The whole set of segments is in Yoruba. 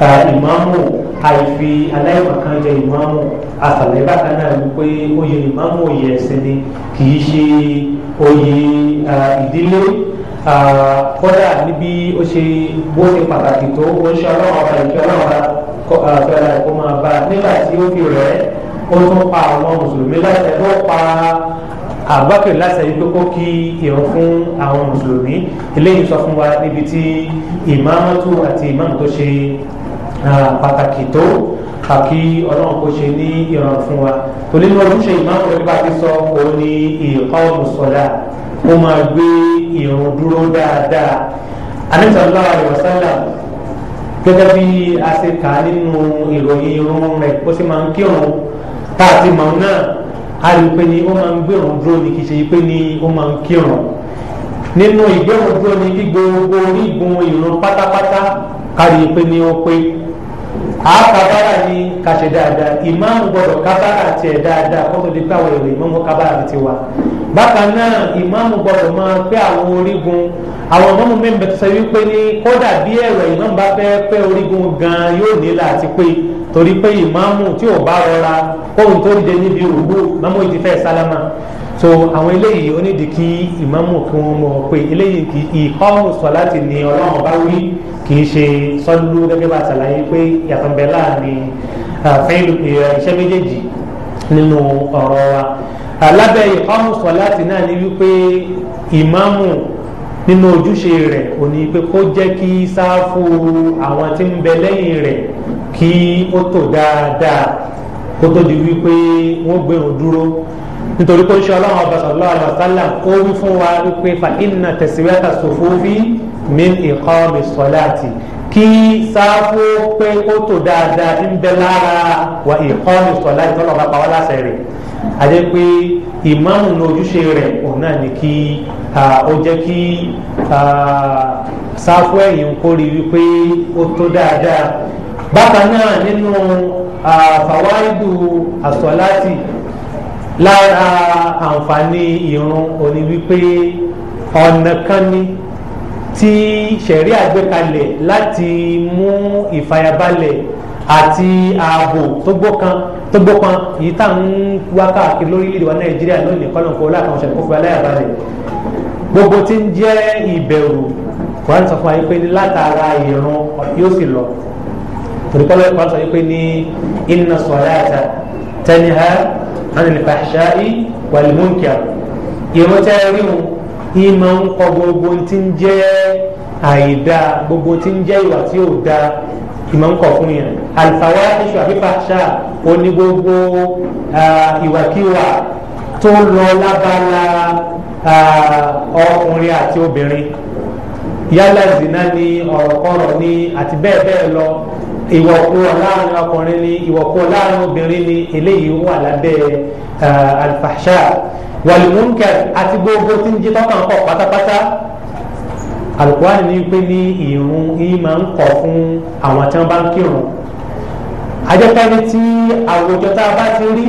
ìmáàmù àìfi aláìmọ̀kan jẹ ìmáàmù àtàlẹ́ bákan náà wípé oyè ìmáàmù oyè ẹ̀sìn ni kì í ṣe oyè ìdílé kódà níbi ó ṣe bó ṣe pàtàkì tó ó ń ṣe ọlọ́run ọba ìkẹ́ ọlọ́run ọba fẹ́ra ẹ̀kọ́ máa bá nígbà tí ó fi rẹ̀ ó tún pa àwọn mùsùlùmí láti ẹ̀ ló pa àbákẹ́ láti ẹ̀yí pé kó kí ìrun fún àwọn mùsùlùmí eléyìí sọ fún wa níbi tí ìmáàmù tó àti ìmáàmù tó ṣe pàtàkì tó kàkí ọlọ́run kò ṣe ní ìrọ̀rùn fún wa torí ní ojúṣe ìmáàmù rẹ̀ bá ti sọ òun ni ìkọ́ọ̀mù sọ̀dá ó máa gbé ìrun dúró dáadáa anẹ́sọ̀lá àlùwàsálà gẹ́gẹ́ bí a ṣe kà á nínú ìròyìn irun rẹ̀ ó sì máa ń kírun tá a ti mọ̀ náà a rí i pé ni ó máa ń gbérun dúró ni kì ṣe pé ni ó máa ń kírun nínú ìgbérun dúró ni gbogbo orígun ìrun pátápátá kárí i pé ni ó pé a kábàrà ní kàṣẹ dáadáa ìmáàmù gbọ́dọ̀ kábàrà tiẹ̀ dáadáa kótó di pé àwọn èrò ìmáàmù kábàrà ti wà bákan náà ìmáàmù gbọ́dọ̀ máa pé àwọn orígun àwọn ìmáàmù mẹ́mbẹ́ tó sọ wípé ní kódà bí ẹ̀rọ ìmáàmù bá fẹ́ pé orígun gan yóò nílà àti pé torí pé ìmáàmù tí ò bá rọra kóhun tó dìde níbi òwú mọ́mú ti fẹ́ sálámà so àwọn eléyìí ó nídìí kí ìmáàmù kí wọ́n mọ̀ pé eléyìí kì í kọ́ kìí ṣe sọ́lú gẹ́gẹ́ bá ṣàlàyé pé yàtọ̀ bẹ́ẹ̀ láàrin fẹ́ẹ́lù iṣẹ́ méjèèjì nínú ọ̀rọ̀ wa alábẹ́ ìkọ́mù sọ̀láàtì náà ni wípé ìmáàmù nínú ojúṣe rẹ̀ ò ní pé kó jẹ́ kí sáfù àwọn tí ń bẹ lẹ́yìn rẹ̀ kí ó tò dáadáa kó tó di wípé wọ́n gbẹ̀rún dúró nítorí pé ń ṣe ọlọ́run ọba sallallahu alaihi wasallam ó wí fún wa wípé fa inna taswiyata sufufi min iqami salati kí sáfù pé ó tò dáadáa ń bẹ lára wa iqami salati tọ́lọ̀ bá pa wá láṣẹ rẹ̀ àti pé ìmáàmù ní ojúṣe rẹ̀ òun náà ni kí ó jẹ́ kí sáfù ẹ̀yìn kórìí wípé ó tó dáadáa bákan náà nínú fàwáìdù àsọláàtì lára àǹfààní ìrun òní wípé ọ̀nà kan ni tí ṣẹ̀ríà gbé kalẹ̀ láti mú ìfàyàbalẹ̀ àti ààbò tó gbókan tó gbókan yìí tá à ń wá káàkiri lórílẹ̀‐èdè wa nàìjíríà lónìí kọ́lọ́ǹkó láàkàwọn ṣẹ̀kọ́ fún aláyàbalẹ̀ gbogbo tí ń jẹ́ ìbẹ̀rù kòrán sọ fún wa yìí pé ní látara ìrun yóò sì lọ torí kọ́lọ́ kòrán sọ yìí pé ní inna salata tanha anil fahsha'i wal munkar ìrun tẹ́ rí wọn ìmọ̀ ń kọ gbogbo tí ń jẹ́ àìdá gbogbo tí ń jẹ́ ìwà tí ò da ìmọ̀ ń kọ fún yẹn àlùfáwá iṣu àfífà ṣá ó ní gbogbo ìwàkiwà tó lọ lábala ọkùnrin àti obìnrin yálà zina ni ọ̀rọ̀kọ̀rọ̀ ni àti bẹ́ẹ̀ bẹ́ẹ̀ lọ ìwọ̀kúwọ̀ láàrin ọkùnrin ni ìwọ̀kúwọ̀ láàrin obìnrin ni eléyìí wà lábẹ́ alfahṣá wàlúwúnkẹ àti gbogbo tí ń jí tọkàn kọ pátápátá alukuwani ní pé ní ìrun yìí máa ń kọ fún àwọn tí wọn bá ń kírun ajẹpẹni tí àwùjọ tá a bá ti rí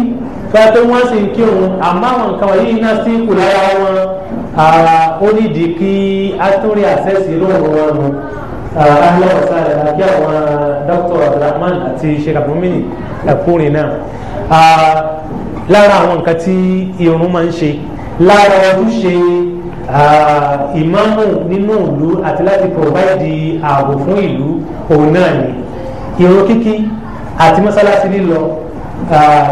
fẹ́ẹ́ pé wọ́n sì ń kírun àmọ́ àwọn nǹkan wọ̀nyí iná sí kù lára wọn ó nídìí kí atúrí àṣẹ́sì lóòrùn wọn nù ahlan wa àbí àwọn dr abdulrahman àti sheikh abdulmini ẹkùnrin náà lára àwọn nǹkan tí irun máa ń ṣe lára ojúṣe ìmáàmù nínú ìlú àti láti provide ààbò fún ìlú òun náà ni irun kíkí àti mọ́sálásí lílọ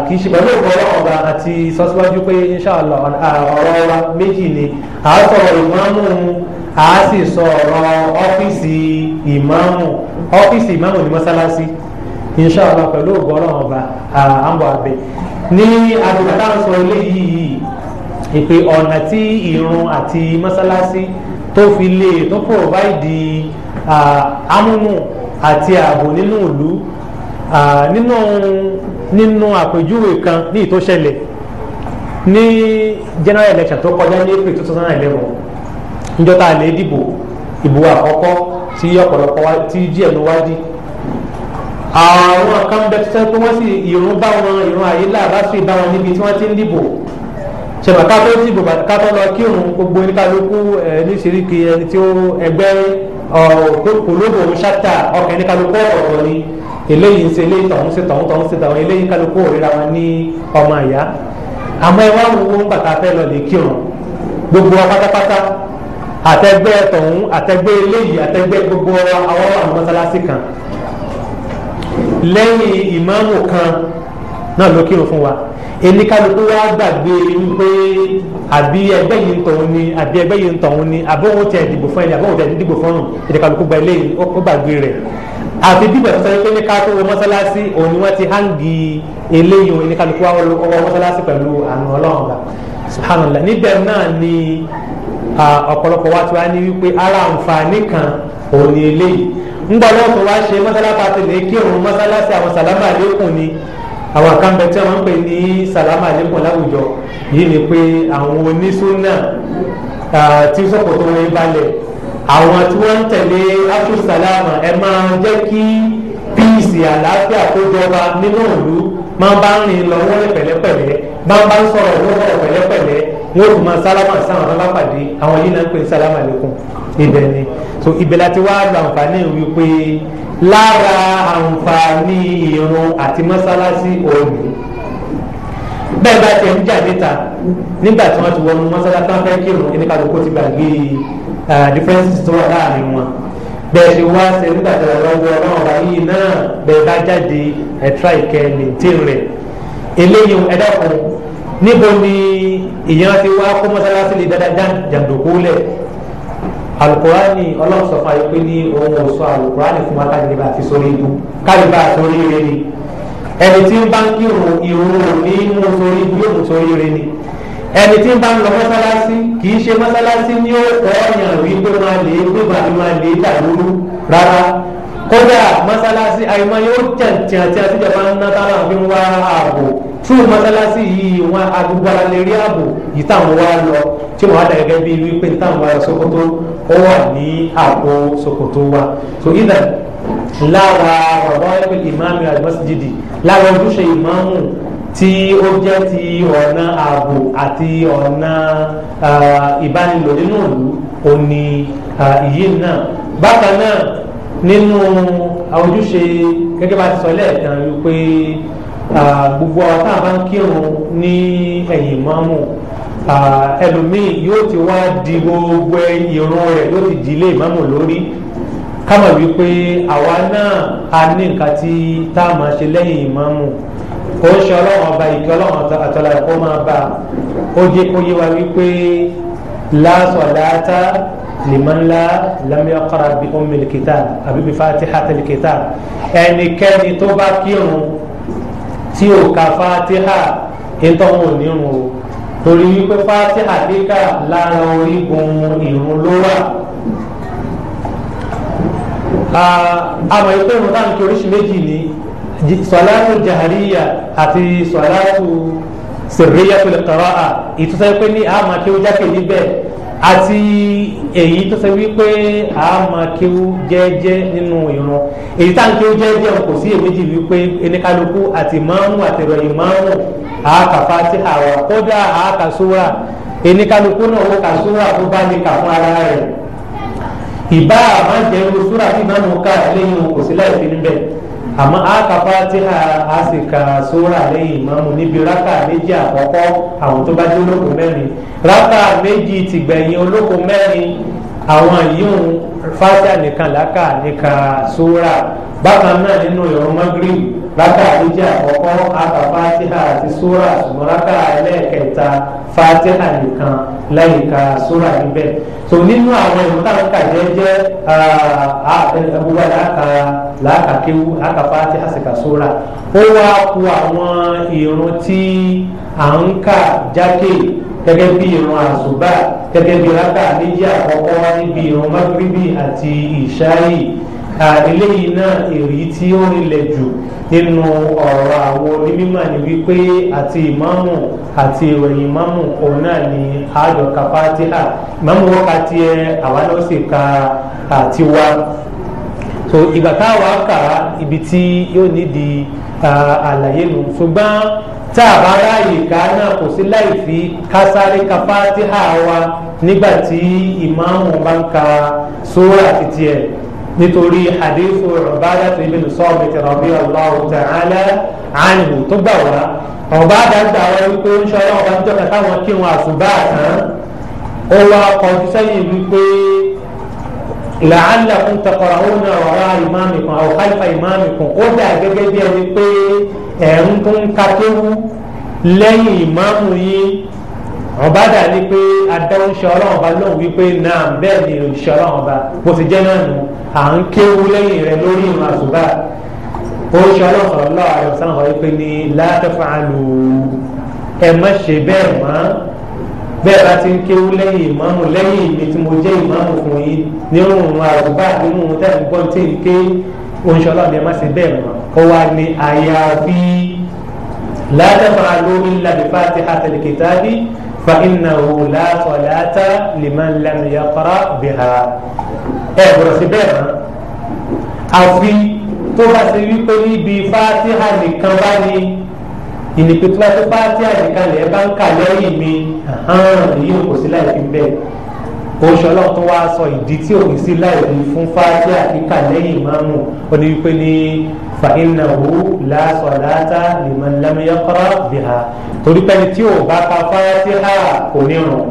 kì í ṣe pẹ̀lú ìfọwọ́ ọba àti sọ́síwájú pé inṣàlá ọ̀rọ̀ wa méjì ni à á sọ̀rọ̀ ìmáàmù à á sì sọ̀rọ̀ ọ́fíìsì ìmáàmù ọ́fíìsì ìmáàmù ní mọ́sálásí inṣàlá pẹ̀lú ògbọ́ràn ọba àmọ́ àbẹ ní àdìgbàdà sọ eléyìí ìpè ọ̀nà tí ìrun àti mọ́sálásí tó fi lè tó pòrọ̀váìdì amúnú àti ààbò nínú ìlú nínú nínú àpèjúwe kan ní ìtòṣẹlẹ̀ ní general election tó kọjá ní april two thousand and eleven níjọ́ tá a lè dìbò ìbò àkọ́kọ́ tí ọ̀pọ̀lọpọ̀ tí díẹ̀ ló wá dì àwọn kan bẹ tó sẹ pé wọn sì ìrún bá wọn ìrún àyílà bá sì bá wọn níbi tí wọn ti ń dìbò ṣèbà kátó dìbò kátó lọ kírun gbogbo oníkálukú ẹ ní sìríkì ẹni tí ó ẹgbẹ́ kòlóbò ṣáta ọkàn oníkálukú ọ̀rọ̀ ni eléyìí ń ṣe eléyìí tọ̀hún ṣe tọ̀hún tọ̀hún ṣe tọ̀hún eléyìí kálukú òrìra wọn ní ọmọ àyà àmọ́ ẹ wá wo ń bàtà fẹ́ lọ lè kírun gbogbo wa pátápátá àtẹgbẹ́ tọ̀hún àtẹgbẹ́ eléyìí àtẹgbẹ́ gbogbo àwọn àwọn mọ́sálásí kan lẹ́yìn ìmáàmù kan náà ló kírun fún wa ẹni kálukú wa gbàgbé wípé àbí ẹgbẹ́ yìí ń tọ̀hún ni àbí ẹgbẹ́ yìí ń tọ̀hún ni àbọ̀wọ̀n tẹ̀ dìbò fún ẹni àbọ̀wọ̀n tẹ̀ dìbò fún ọ̀run ẹni kálukú gba eléyìí ó gbàgbé rẹ̀ àfi bí bẹ̀rẹ̀ sọ́yìn pé ní káàtó wọ mọ́sálásí òun ni wọ́n ti hángi eléyìí òun ni kálukú wa wọ mọ́sálásí pẹ̀lú àrùn ọlọ́run gbà subhanallah níbẹ̀ náà ni ọ̀pọ̀lọpọ̀ wa ti wá ní wípé ara àǹfààní kan òun ni eléyìí ńgbọ́dọ̀ tó wá ṣe mọ́sálásí àti lè kírun mọ́sálásí àwọn sàlámà àlékún ni àwọn àkànbẹ tí wọ́n ń pè ní sàlámà àlékún láwùjọ yìí ni pé àwọn onísúnà tí sọ̀kòtò wọn balẹ̀ àwọn tí wọ́n ń tẹ̀lé afúsàlámà ẹ máa jẹ́ kí píìsì àlàáfíà tó jọba nínú ìlú máa bá ń rìn lọ wọlé pẹ̀lẹ́pẹ̀lẹ́ máa bá ń sọ̀rọ̀ wọ́n pẹ̀lẹ́pẹ̀lẹ́ wọ́n tún máa sálámà sáwọn alápàdé àwọn yìí náà ń pè ní sálámà àlékún ibẹ̀ ni so ibẹ̀ láti wá gba àǹfààní wípé lára àǹfààní ìrun àti mọ́sálásí òní bẹ́ẹ̀ bá tiẹ̀ ń jà níta nígbà tí wọ́n ti wọnú mọ́sálásí wọn fẹ́ kírun ẹni kàdó kó ti gbàgbé differences tó wà láàrin wọn bẹ́ẹ̀ ṣe wá ṣe nígbà tí wọ́n lọ́wọ́ ọlọ́run ọba yìí náà bẹ́ẹ̀ bá jáde ẹ̀tra ìkẹ́ mìntín rẹ̀ eléyìí ẹ̀dá kan níbo ni ìyẹn ti wá kó mọ́sálásí lè dáadáa jàǹdùkú lẹ̀ alukurani ọlọ́sọ̀fà yìí pé ní òun ò sọ alukurani fún wa káyọ̀ nígbà tí sori ibu káyọ̀ bá sórí ire ni ẹni tí ń bá ń kírun ìrun òní mú sórí ibu yóò mú sórí ni ẹni tí ń bá ń lọ mọ́sálásí kì í ṣe mọ́sálásí ní ó ọ̀ọ́yàn wípé máa lè gbégbá ni máa lè dà lóru rárá kódà mọ́sálásí àyùmọ́ yóò tẹ̀tẹ̀ àti àtijọba ń ná táwọn àfi ń wá ààbò tí o mọ́sálásí yìí wọn agbègbè ara lè rí ààbò yìí táwọn wá lọ tí wọn á dà gẹ́gẹ́ bíi wípé táwọn wá lọ Sokoto ó wà ní àpò Sokoto wa so either lára ọ̀rọ̀ ẹgbẹ́ ìmáàmù àlùmọ́sídìdì lára ojúṣe ìmáàmù tí ó jẹ́ ti ọ̀nà ààbò àti ọ̀nà ìbánilò nínú ìlú òní ìyí náà bákan náà nínú ojúṣe gẹ́gẹ́ bá ti sọ lẹ́ẹ̀kan wípé gbogbo àwọn tá a bá ń kírun ní ẹ̀yìn mọ́mù ẹlòmíì yóò ti wá di gbogbo irun rẹ̀ yóò ti di ilé ìmọ̀mù lórí kámọ̀ wípé àwa náà a ní nǹkan tí tá a máa ṣe lẹ́yìn ìmọ̀mù ó ń ṣe ọlọ́run ọba ìkẹ́ ọlọ́run àtọ́lá ẹ̀kọ́ máa bá ó jẹ́ kó yé wa wípé láàsọ̀ láàtà limanla la lam yaqra bi ummil kitab àbí bi fatihatil kitab ẹnikẹ́ni tó bá kírun tí o ka fatiha ìtọ́wọ̀n onírun o torí wípé fatiha kíkà lára orígun ìrun ló wà. àmọ́ ìpè ìrun táwọn kí oríṣi méjì ní sọ̀láṣù jahariya àti sọ̀láṣù sirriyatul qira'a ìtúsẹ́ pé ní àmọ́ kí ó jákèjì bẹ́ẹ̀ àti èyí tó ṣe wípé a máa kéwú jẹ́ẹ́jẹ́ nínú ìran èyí tá à ń kéwú jẹ́ẹ́jẹ́ kò sí èméjì wípé eníkálukú àti máàmù àtẹ̀rọ ìmáàmù àáka fatiha wa kódà àáka súra eníkálukú náà ó ka súra tó bá ní kà ara rẹ̀ ìbá àmàjẹ́ irú súra tí máàmù ká lẹ́yìn kò sí àmọ́ a ka fatiha a sì ka sóra lẹ́yìn ìmáàmù níbi rákà méjì àkọ́kọ́ àwọn tó bá jẹ́ olóko mẹ́rin rákà méjì tìgbẹ̀yìn olóko mẹ́rin àwọn yìí fatiha nìkan làákà nìkan sóra bákan náà nínú ìrun rákà méjì àkọ́kọ́ àkà fatiha àti sura ṣùgbọ́n rákà ẹlẹ́ẹ̀kẹta fatiha nìkan ka sura níbẹ̀ tó nínú àwọn ìlú táwọn kà jẹ́ jẹ́ àbúrò àkà làákà kéwú àkà fatiha sì kà sura ó wá ku àwọn ìrun tí à ń kà jákè gẹ́gẹ́ bí ìrun àṣùbà gẹ́gẹ́ bí rákà méjì àkọ́kọ́ níbi ìrun magribi àti ìṣáyì. eléyìí náà èrí tí ó rinlẹ̀ jù nínú ọ̀rọ̀ àwọn onímọ̀ ni wípé àti ìmáàmù àti ìròyìn ìmáàmù òun náà ni àádọ́ka ìmáàmù wọn ka tiẹ̀ àwa náà sì ka àtiwa so ìgbà táwa kà á ibi tí yóò nídìí àlàyé nù ṣùgbọ́n tá a bá ráàyè ká náà kò sí láì fi kásáré ka fatiha nígbà tí ìmáàmù bá ń nítorí hadithu Ubadah ibn Samit radiyallahu ta'ala anhu tó gbà wá Ubadah gbà wá wípé ó ń ṣọlá ọba ń jọba táwọn kí wọn àṣùbà tán ó wá kọjú sẹ́yìn wípé la'allakum taqra'una wara imamikum aw khalfa imamikum ó dà gẹ́gẹ́ bí ẹni pé ẹ̀ ń tún kakéwu lẹ́yìn ìmáàmù yìí ọ̀bádà ni pé adáwọ̀ ṣe ọlọ́run ọba lóhùn wípé náà bẹ́ẹ̀ ni òṣìṣẹ́ à ń kéwu lẹ́yìn rẹ̀ lórí ìrìn àṣùbà ó ṣe ọlọ́sọ̀rọ̀ lọ́wọ́ àrẹ ọ̀sán ọ̀ pé ní látọ̀fàlù ẹ má ṣe bẹ́ẹ̀ mọ́ bẹ́ẹ̀ bá ti ń kéwu lẹ́yìn ìmáàmù lẹ́yìn mi tí mo jẹ́ ìmáàmù fún yín nínú àṣùbà nínú tẹ̀sán gbọ́ntì ké oṣù ọlọ́run ẹ má ṣe bẹ́ẹ̀ mọ́ ó wá ní àyàfi látọ̀fàlù illa bi fatihatil kitabi. فإنه لا صلاة لمن لم يقرأ بها ẹ gbọ́dọ̀ sí bẹ́ẹ̀ mọ́ àfi tó bá ṣe wípé níbi fatiha nìkan bá ní ìnìpé tó bá ṣe fatiha nìkan lẹ́ẹ̀ bá ń kà lẹ́yìn mi èyí kò sí láì fi bẹ́ẹ̀ oṣù ọlọ́run tó wá sọ ìdí tí òun sí láì fi fún fatiha kíkà lẹ́yìn máàmù ó ní wípé ní. فإنه لا صلاة لمن لم يقرأ بها torí pé ẹni tí ò bá ka fátíhà kò ní rùn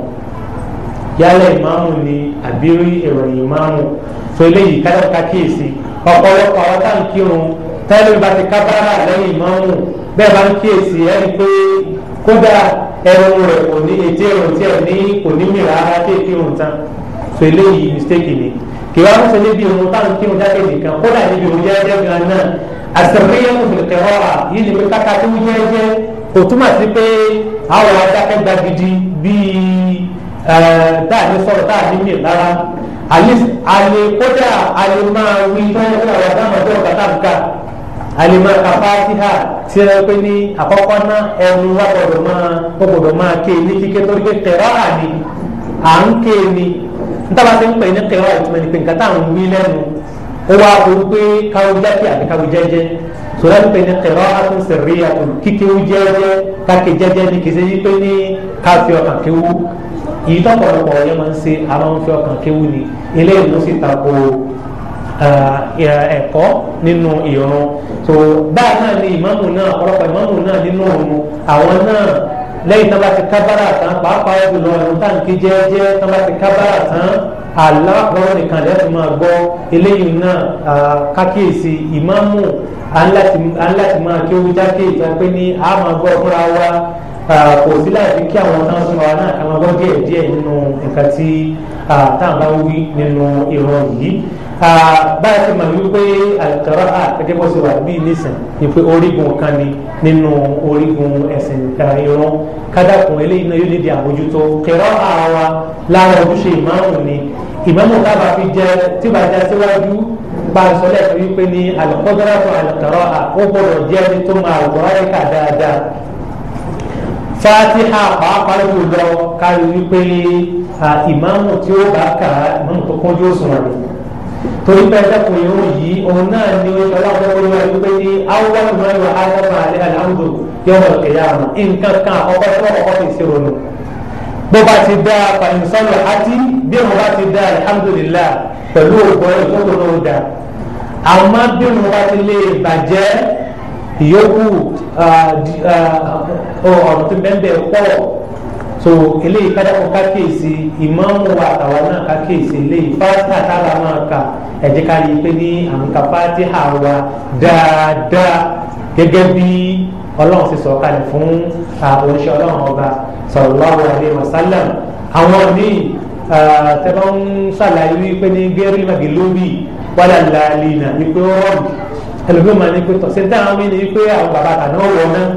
yálẹ̀ ìmáàmù ni àbírí ìròyìn ìmáàmù tó eléyìí kájọba kíyèsí ọ̀pọ̀lọpọ̀ àwọn tá à ń kírun tẹ́lẹ̀ bá ti kábàárà lẹ́yìn ìmáàmù bẹ́ẹ̀ bá ń kíyèsí ẹni pé kódà ẹrun rẹ̀ kò ní etí ẹrun tí ẹ̀ ní kò ní mìíràn ara tí èkírun tán tó eléyìí mistake ni kì wá ń sọ níbi ìrun tá ń kírun jákèjì kan kódà níbi ìrun jẹ́jẹ́ gan náà àṣẹ̀fẹ́yẹ́mù fìlìkẹ́rọ́ à yìí ni pé káka tó jẹ́jẹ́ kò túmọ̀ sí pé àwọn adákẹ́ gbàgidi bíi táàní sọ̀rọ̀ táàní mì lára àlè kódà àlè máa wí tọ́jú fún àwọn àdámọ̀ tó ọ̀gá táǹkà àlè máa ka fátíhà tí ẹ pé ní àkọ́kọ́ ná ẹnu wa gbọ́dọ̀ máa gbọ́dọ̀ máa ké ní kíkẹ́ torí pé kẹ̀rọ́ àní à ń ké ni níta ti ń pè ní kẹ̀rọ́ àìtúmọ̀ ní pé nǹkan táwọn wí lẹ́nu ó wá ronú pé káwé jákè àti káwé jẹ́jẹ́ sọlá ń pè ní qira'atun sirriyatun kíkéwú jẹ́jẹ́ káké jẹ́jẹ́ ní kìí ṣe yí pé ní káfí ọkàn kéwú yìí tọ́pọ̀lọpọ̀ ọ̀yẹ́ máa ń ṣe àwọn ń fi ọkàn kéwú ni eléyìí ló sì tako ẹ̀kọ́ nínú ìrun tó báyìí náà ni ìmáàmù náà ọ̀pọ̀lọpọ̀ ìmáàmù náà nínú òun àwọn náà lẹ́yìn tó bá ti kábàrà tán pàápàá jùlọ ẹ̀rùn táǹkì jẹ́ẹ́jẹ́ tó bá ti kábàrà tán aláàbọ̀rọ̀ nìkan lẹ́tọ̀ máa gbọ́ eléyìí náà kákíyèsí ìmáàmù aláti máa kí ó jákè ìjọ pé ní a máa gbọ́ fúnra wa kò sí láti kí àwọn tán súnmọ́ wa náà ká máa gbọ́ díẹ̀ díẹ̀ nínú nǹkan tí táǹbà wí nínú ìrọ̀rùn yìí báyìí ti mọ̀ wípé àlùkàrọ̀ à gẹ́gẹ́ bó ṣe wà bíi nísìn ni pé orígun kan ni nínú orígun ẹ̀sìn ìrun kádàkùn eléyìí náà yóò lè di àbójútó kẹrọ àwa lára ojúṣe ìmáàmù ni ìmáàmù tábà fi jẹ tí bá já síwájú bá a sọ lẹ́sìn wípé ní àlùkọ́dọ́rà fún àlùkàrọ̀ à ó gbọ́dọ̀ jẹ́ ẹni tó máa wọ́n ẹ̀ kà dáadáa fatiha pàápàá jùlọ kárí wípé ìmáàmù tí ó bá kà ìmáàmù tó kọjú òṣùwọ̀n torí pé ẹ̀dẹ́kùn yìí ó yí òun náà ni ọlọ́pàá ó yọ ẹ̀dúgbé ní awọ́n náà yọ ayọ́pàá alẹ́ aláwùjọ yọ̀rọ̀ kẹ̀yà àmọ́ nǹkan kan ọkọ̀ tí wọ́n kọ́kọ́ fi ṣèrò nù. bó bá ti dá fàyìnsọ́lù àti bí mo bá ti dá alihamudulilá pẹ̀lú ògbọ́n ìtọ́jú náà dá àmọ́ bí mo bá ti lè bàjẹ́ ìyókù ah, ah, ah, ọ̀rọ̀ tó bẹ́ẹ̀ bẹ́ẹ̀ pọ̀ so eléyìí kájàpọ̀ kákèsí ìmáàmù wa àtàwọn náà kákèsí eléyìí fásitì àtàwọn máa kà ẹ jẹ́ ká rí i pé ní àmìkà fátíhà wa dáadáa gẹ́gẹ́ bí ọlọ́run ti sọ̀kalẹ̀ fún oníṣẹ́ ọlọ́run ọba sallallahu alaihi wasallam àwọn míì tẹ́lẹ̀ ń ṣàlàyé wípé ní gẹ́rí màgìlóbì wàlà làálì nà wípé ọ̀rọ̀ ẹlòmíràn ní pé tọ̀síntàn mi ní wípé àwọn bàbá tàná wọ̀ náà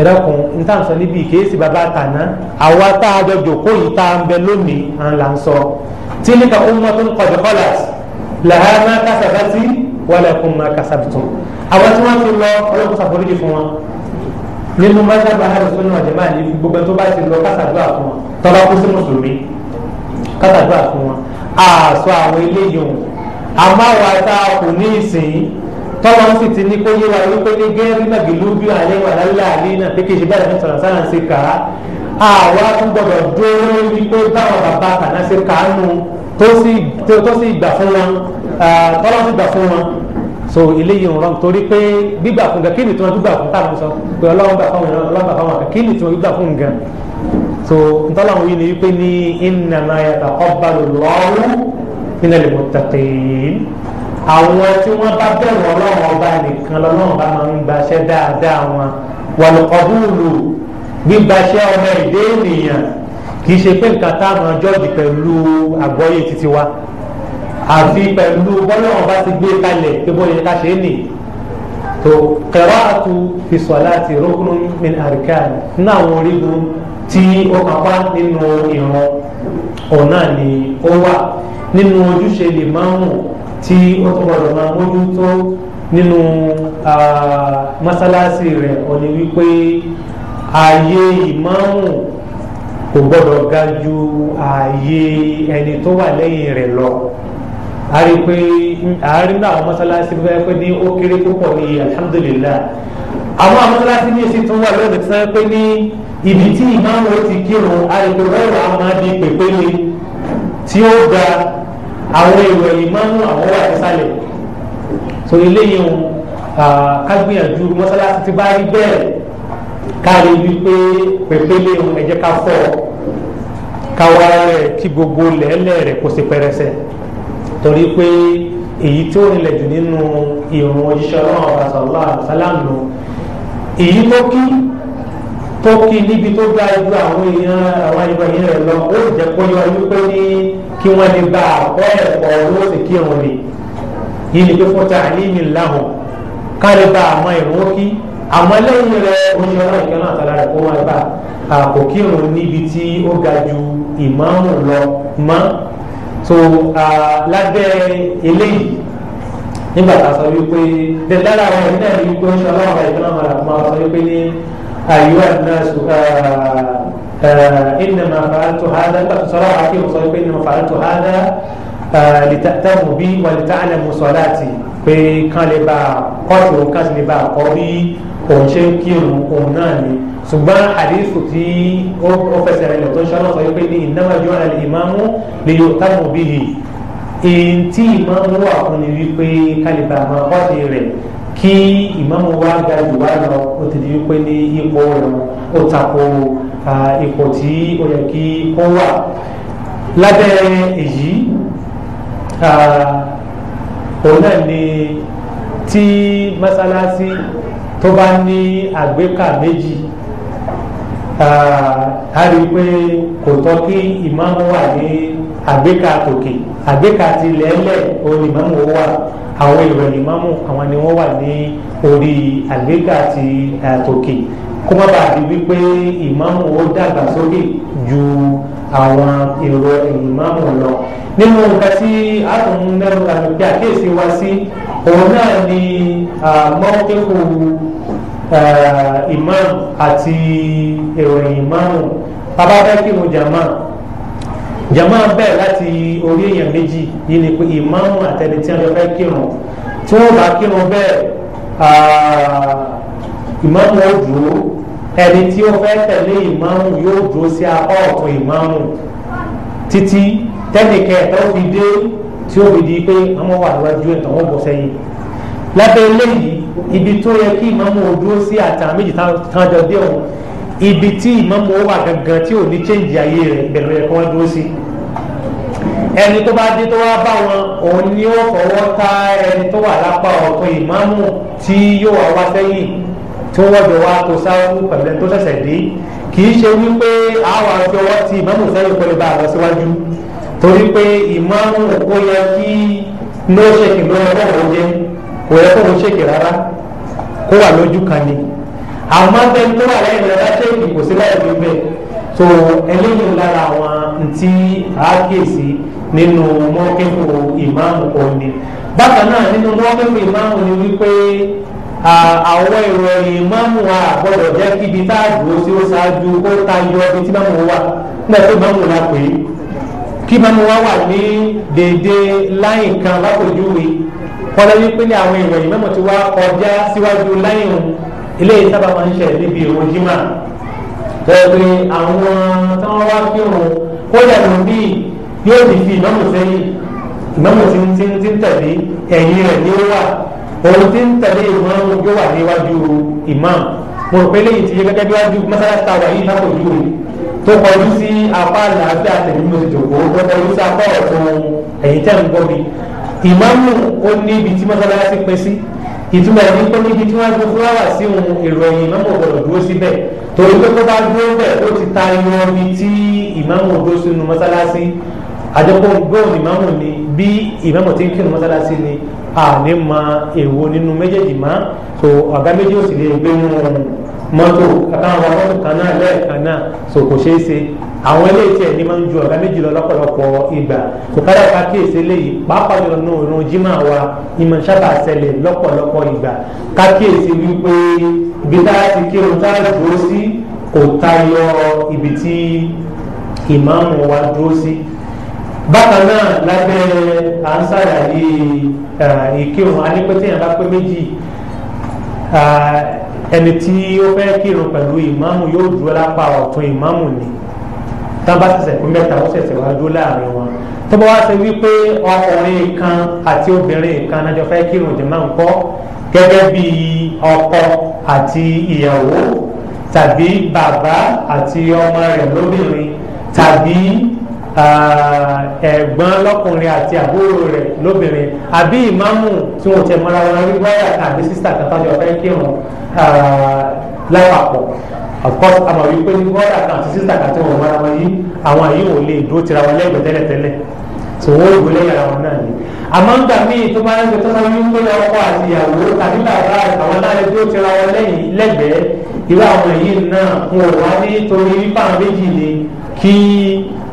ẹ̀rọ̀kùn ntànsán níbi ìkéyèsí bàbá tàná àwa tá a jọ jòkó yìí tá a ń bẹ lónìí à ń là ń sọ tilka ummatun qad khalat laha ma kasabat wa lakum ma kasabtum àwọn tí wọ́n ti lọ ọlọ́kùn sàforíjì fún wọn nínú mọ́sáàbà àdùsùn náà jẹ́ máa ní gbogbo tó bá ti lọ kásàdúrà fún wọn tọ́lá kú sí mùsùlùmí kásàdúrà fún wọn àṣọ àwọn eléyìí àmọ́ àwọn a kò ní ìsìn tọ́lọ́ sì ti ní kó yé wa wípé ní gẹ́rí màgìlúbí àlẹ́wà lálẹ́ àlínà pé kì í ṣe bẹ́ẹ̀ ní sọ̀rọ̀ sáà ń ṣe kà á àwa tún gbọ́dọ̀ dúró wípé báwọn bàbá kàná ṣe kà á nu tó sì gbà fún wọn tọ́lọ́ sì gbà fún wọn so eléyìí ń rán torí pé gbígbà fún gan kí ni tí wọn gbígbà fún táwọn sọ pé ọlọ́run gbà fáwọn ìran ọlọ́run gbà fáwọn kan kí ni tí wọn gbígbà fún gan so ntọ́lọ́run yìí ni wípé ní innama yataqabbalu Allahu àwọn tí wọ́n bá bẹ̀rù ọlọ́run ọba nìkan lọ́lọ́run bá máa ń gbaṣẹ́ dáadáa wọn wàlùkọ́bùlù gbígbaṣẹ́ ọmọ ìdè ènìyàn kì í ṣe pé nǹkan táwọn jọ́ọ̀jì pẹ̀lú àgbọ́yé títí wa àfi pẹ̀lú bọ́lọ́run bá ti gbé kalẹ̀ pé bóyá ká ṣe é nì tó qira'atu fi salati ruknun min arkan nínú àwọn orígun tí ó kápá nínú ìran ọ̀nà ni ó wà nínú ojúṣe lè máa ń wọ̀ tí ó tó gbọdọ̀ máa mójútó nínú mọ́sálásí rẹ̀ ó ní wípé ààyè ìmáàmù kò gbọdọ̀ ga ju ààyè ẹni tó wà lẹ́yìn rẹ̀ lọ a rí pé àárín náà àwọn mọ́sálásí fẹ́ pé ní ó kéré púpọ̀ ní alhamdulillah àwọn amọ́sálásí ní èsì tó wà lónìí tí wọ́n pé ní ibi tí ìmáàmù ó ti kírun a rí pé wọ́n di pèpéle tí ó ga àwọn ìròyìn máa ń àwọn wà nísàlẹ̀ so eléyìí o kágbìyànjú mọ́sálásí ti bá rí bẹ́ẹ̀ káàrí wípé pèpéle o ẹ̀jẹ̀ ká fọ́ káwa rẹ̀ kí gbogbo lẹ́lẹ̀ rẹ̀ kó ṣe pẹrẹsẹ torí pé èyí tí ó rinlẹ̀ jù nínú ìrùn òjíṣẹ́ ọlọ́run ọba sallallahu alaihi wasallam nù èyí tó kí tó kí níbi tó dá ibi àwọn èèyàn àwọn ìgbà yẹn rẹ̀ lọ ó jẹ́ kó yọ wípé ní kí wọ́n lè bá àkọ́ ẹ̀kọ́ owó sì kírun ni yìí ni pé fún ta àlímì láhùn kárí bá àwọn ìrún kí àwọn lẹ́yìn rẹ̀ oṣù ọlọ́run ìkẹ́ náà tàlá rẹ̀ kó wọ́n bá àkó kírun níbi tí ó ga ju ìmáàmù lọ mọ́ so lábẹ́ eléyìí nígbà tá a sọ wípé dẹ̀dára àwọn ìdílé rí wípé oṣù ọlọ́run ìkẹ́ náà máa sọ wípé ní àyíwá náà إنما فعلت هذا فتصرح في مصيبة إنما فعلت هذا لتأتموا بي ولتعلموا صلاتي pé kán lè bá a kọ́ọ̀tù kán sì lè bá a kọ́ bí òun ṣe ń kírun òun náà ni ṣùgbọ́n àdéhùn tí ó fẹsẹ̀ rẹ̀ lọ́tọ́ ṣọ́nà sọ pé ní innama ju'ila al-imamu li yu'tamu bihi èyí tí ìmáàmù wà fún ni wípé kán lè bá a máa kọ́ọ̀tù rẹ̀ kí ìmáàmù wá ga jù wá lọ ó ti di wípé ní ipò rẹ̀ ó takò ipò tí ó yẹ kí ó wà lábẹ́ èyí òun náà ni tí mọ́sálásí tó bá ní àgbékà méjì a rí i pé kò tọ́ kí ìmáàmù wà ní àgbékà tòkè àgbékà ti lẹ́lẹ̀ òun ni ìmáàmù wà àwọn ìròyìn ìmáàmù àwọn ni wọ́n wà ní orí àgbékà ti tòkè kó má bàa di wípé ìmáàmù ó dàgbà sókè ju àwọn èrò ìmáàmù lọ nínú nǹkan tí a tún mẹ́nu kàmí pé àkíyèsí wá sí òun náà ni mọ́kẹ́kù ìmáàmù àti èrò ìmáàmù bàbá fẹ́ kí mo jàmáà jàmáà bẹ̀rẹ̀ láti orí èèyàn méjì yìí ni pé ìmáàmù àtẹni tí wọ́n fẹ́ kírun tí wọ́n bá kírun bẹ́ẹ̀ ìmáàmù ó dúró ẹni tí ó fẹ́ tẹ̀lé ìmáàmù yóò dúró sí apá ọ̀tún ìmáàmù títí tẹ́nìkẹ́ ẹ̀ tó fi dé tí ó fi di pé àwọn wà lọ́jọ́ ẹ̀ tàn wọ́n bọ̀ sẹ́yìn lábẹ́ eléyìí ibi tó yẹ kí ìmáàmù ó dúró sí àtàwọn méjì tán jọ dé òun ibi tí ìmáàmù ó wà gangan tí ò ní chéǹjì ayé rẹ̀ bẹ̀rẹ̀ ẹ̀kọ́ wọn dúró sí ẹni tó bá dé tó wá bá wọn òun ni ó fọwọ́ ta ẹni tó wà lápá ọ̀tún ìmáàmù tí yóò wá wá sẹ́yìn tí wọ́n jọ wá kó sáwọ́ pẹ̀lú ẹni tó ṣẹ̀ṣẹ̀ dé kì í ṣe wípé àwọn àti ọwọ́ ti ìmáàmù sẹ́yìn kọ́lé bá àwọn síwájú torí pé ìmáàmù kò yẹ kí ló ṣèkì ló yẹ kóhùn jẹ kò yẹ kóhùn ṣèkì rárá kó wà lójú kan ni àwọn máa ń bẹ tó wà lẹ́yìn rẹ̀ láṣẹ́kì kò sí láì lójú tó eléyìí lára àwọn ntí àákèsí nínú mọ́kẹ́kọ̀ọ́ ìmáàmù kọ́ni bákan náà nínú mọ́kẹ́kọ̀ọ́ ìmáàmù ni wípé àwọn ìròyìn ìmáàmù wa gbọ́dọ̀ jẹ́ kíbi tá a dúró sí ó ṣáájú kó tayọ ibi tí máàmù wa nígbà tó máàmù la pè é kí máàmù wa wà ní dédé láì kan lápòjúwe kọ́lá wípé ní àwọn ìròyìn ìmáàmù ti wá kọjá síwájú láì hùn eléyìí sábà máa ń ṣẹlẹ̀ níbi ìwọ jimá tẹ̀lé àwọn tí wọ́n wá kírun kódà ló bí yóò ti fi ìmáàmù sẹ́yìn ìmáàmù ti ń tẹ̀lé ẹ̀yìn rẹ̀ ní ó wà òun ti ń tẹ̀lé ìmáàmù yóò wà níwájú ìmáàmù mo rò pé léyìí ti yé gẹ́gẹ́ bí wájú mọ́sálásí ta wà yìí lápòjú rẹ̀ tó kọjú sí apá àlàáfíà tẹ̀lé mo ti jòkó tó kọjú sí apá ọ̀tún ẹ̀yìn tẹ̀ ń gbọ́ mi ìmáàmù ó ní ibi tí mọ́sálásí pín sí ìtumọ̀ ẹni pé níbi tí wọ́n gbé fúláwà sí ohun ìròyìn ìmáàmù ọ̀gbọ̀dọ̀ dúró síbẹ̀ torí pé kó bá dúró bẹ̀ ó ti ta iye tí ìmáàmù dúró sínú mọ́sálásí àjọpọ̀ gbóhùn ìmáàmù ni bí ìmáàmù ti ń kírun mọ́sálásí ni àní ma ewo nínú méjèèjì má so ọ̀gá méjì ò sì lè gbé nínú mọ́tò àtàwọn mọ́tò kan náà lẹ́ẹ̀kan náà so kò ṣeé ṣe àwọn eléyìí tí ẹni máa ń ju ọ̀gá méjì lọ lọ́pọ̀lọpọ̀ ìgbà kò kára ká kíyèsí eléyìí pàápàá jùlọ nù irun jimá wa ìmọ̀ sábà ṣẹlẹ̀ lọ́pọ̀lọpọ̀ ìgbà ká kíyèsí wípé ibi tá a ti kírun tá a dúró sí kò tayọ ibi tí ìmáàmù wa dúró sí bákan náà lábẹ́ ansara yìí ìkírun anípẹ́tẹ́yìn bá pé méjì ẹni tí ó fẹ́ kírun pẹ̀lú ìmáàmù yóò dúró lápá ọ̀tún ìmáàmù ni tá bá ṣẹ̀ṣẹ̀ pé mẹ́ta ó ṣẹ̀ṣẹ̀ wá dúró láàrin wọn tó bá wá ṣe wípé ọkùnrin kan àti obìnrin kan nájọ fẹ́ kírun jẹ̀mọ́ ńkọ́ gẹ́gẹ́ bí ọkọ àti ìyàwó tàbí bàbá àti ọmọ rẹ̀ lóbìnrin tàbí Ah, ẹ̀gbọ́n lọ́kùnrin àti àbúrò rẹ̀ lóbìnrin àbí ìmáàmù tí wọ́n tẹ̀ mọ́ra wọn rí báyà àbí sísítà kàtàjọ fẹ́ kírun ah, lápapọ̀ of course àmọ̀ wípé ní bọ́dà kan àti sísítà kàtà wọn mọ́ra wọn yìí àwọn yìí ò lè dúró tira wọn lẹ́gbẹ̀ẹ́ tẹ́lẹ̀tẹ́lẹ̀ tí wọ́n ò gbélé yàrá wọn náà ni àmọ́ nígbà míì tó bá ń gbé tọ́sán yín gbé ọkọ àti ìyàwó tàbí bàbá àtàwọn náà lè dúró tira wọn lẹ́gbẹ̀ẹ́ irú àwọn yìí náà wọn ò wá nítorí wípé àwọn méjì ni kí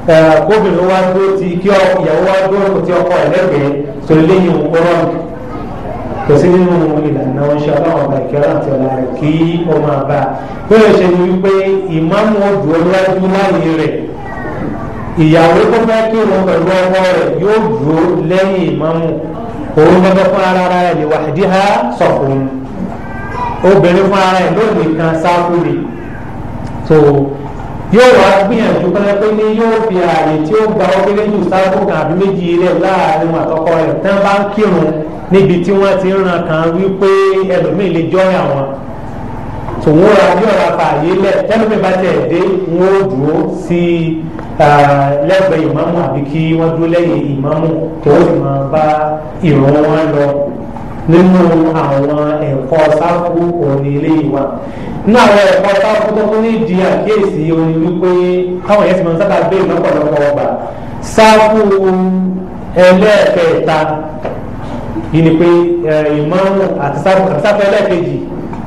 Eh, kóbìnrin wá dúró ti kí ìyàwó wá dúró kò tí ọkọ ẹlẹ́gbẹ̀ẹ́ tó léyìn òkúrọ́ kò sí nínú ìlànà oṣù aláwọ̀ ọba ìkẹ́rọ̀ àti ọ̀la rẹ̀ kí ó máa bá a bí ó ṣe ní wípé ìmáàmù ọdún ọlọ́dún láàyè rẹ̀ ìyàwó tó fẹ́ kí òun pẹ̀lú ọkọ rẹ̀ yóò dúró lẹ́yìn ìmáàmù òun gbọ́dọ̀ fún ara rẹ̀ lè wàhídí ha sọ obìnrin fún ara rẹ̀ lónìí kan sáfù lè tó. So, yóò wá gbìyànjú kọ́lá pé ní yóò fi ààyè tí ó gba ó kéré jù sáàbù kan àbí méjì ilẹ̀ láàrin àtọkọ rẹ̀ tán bá ń kírun níbi tí wọ́n ti ń ran kan wípé ẹlòmíì lè jọ́ àwọn tòun ra bí ọ̀rọ̀ àfààyè lẹ̀ tẹ́lómi bá tẹ̀ dé wọn ó dúró sí lẹ́gbẹ̀ẹ́ ìmáàmù àbí kí wọ́n dúró lẹ́yìn ìmáàmù tó sì bá ìrun wọn lọ nínú àwọn ẹ̀kọ́ sáfù òní ilé ìwà nínú àwọn ẹ̀kọ́ sáfù tó tún ní di àkíyèsí òní wípé káwọn yẹn ti máa ń sábà gbé ìlọ́pọ̀lọpọ̀ ọgbà sáfù ẹlẹ́ẹ̀kẹta yìí ni pé ìmáàmù àti sáfù àti sáfù ẹlẹ́ẹ̀kejì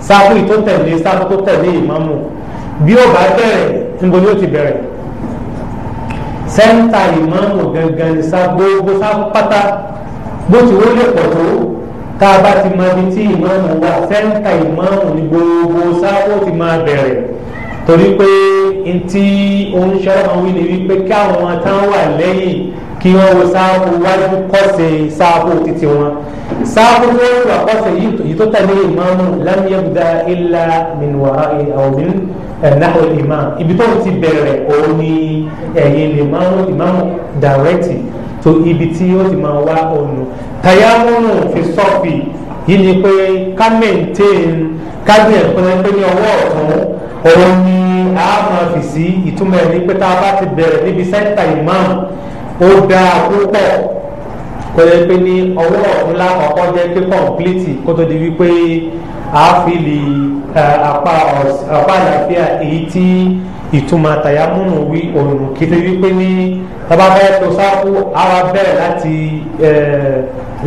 sáfù tó tẹ̀lé sáfù tó tẹ̀lé ìmáàmù bí ó bá bẹ̀rẹ̀ níbo ni ó ti bẹ̀rẹ̀ sẹ́ńtà ìmáàmù gangan ní sáfù gbogbo sáfù pátá bó ti wọlé pọ̀ tó tá a bá ti mọ ibi tí ìmáàmù wà sẹ́ńtà ìmáàmù ní gbogbo sáwọ́ ti máa bẹ̀rẹ̀ torí pé ntí ohun ṣọ́ọ́mọ wí ni wípé kí àwọn táwọn wà lẹ́yìn kí wọ́n wo sáàpù wájú kọ́sẹ̀ sáàpù títí wọn sáàpù tó ń wà kọ́sẹ̀ yìí tó tẹ̀lé ìmáàmù lam yabda illa min wara'i aw ibi tó ti bẹ̀rẹ̀ òun ni ẹ̀yìn lè ìmáàmù dàrẹ́tì to ibi tí ó ti máa wá ọ̀nà tàyámúnù fi sọ́ọ̀fì yìí ni pé ká mẹ́ǹtẹ́ẹ̀n ká gbìyànjú pé ní ọwọ́ ọ̀tún òun ni a máa fi sí ìtumọ̀ ẹ̀ ní pé tá a bá ti bẹ̀rẹ̀ níbi sẹ́ńtà imam ó dáa púpọ̀ pẹ̀lú pé ní ọwọ́ ọ̀tún lákọ̀ọ́kọ́ jẹ́ pé kọ̀ǹpìlìtì kó tó di wípé a fi lè apá àlàáfíà èyí tí ìtumọ̀ tàyámúnù wí òun kìí tó wípé ní taba fẹ́ to sáfù àwa bẹ̀rẹ̀ láti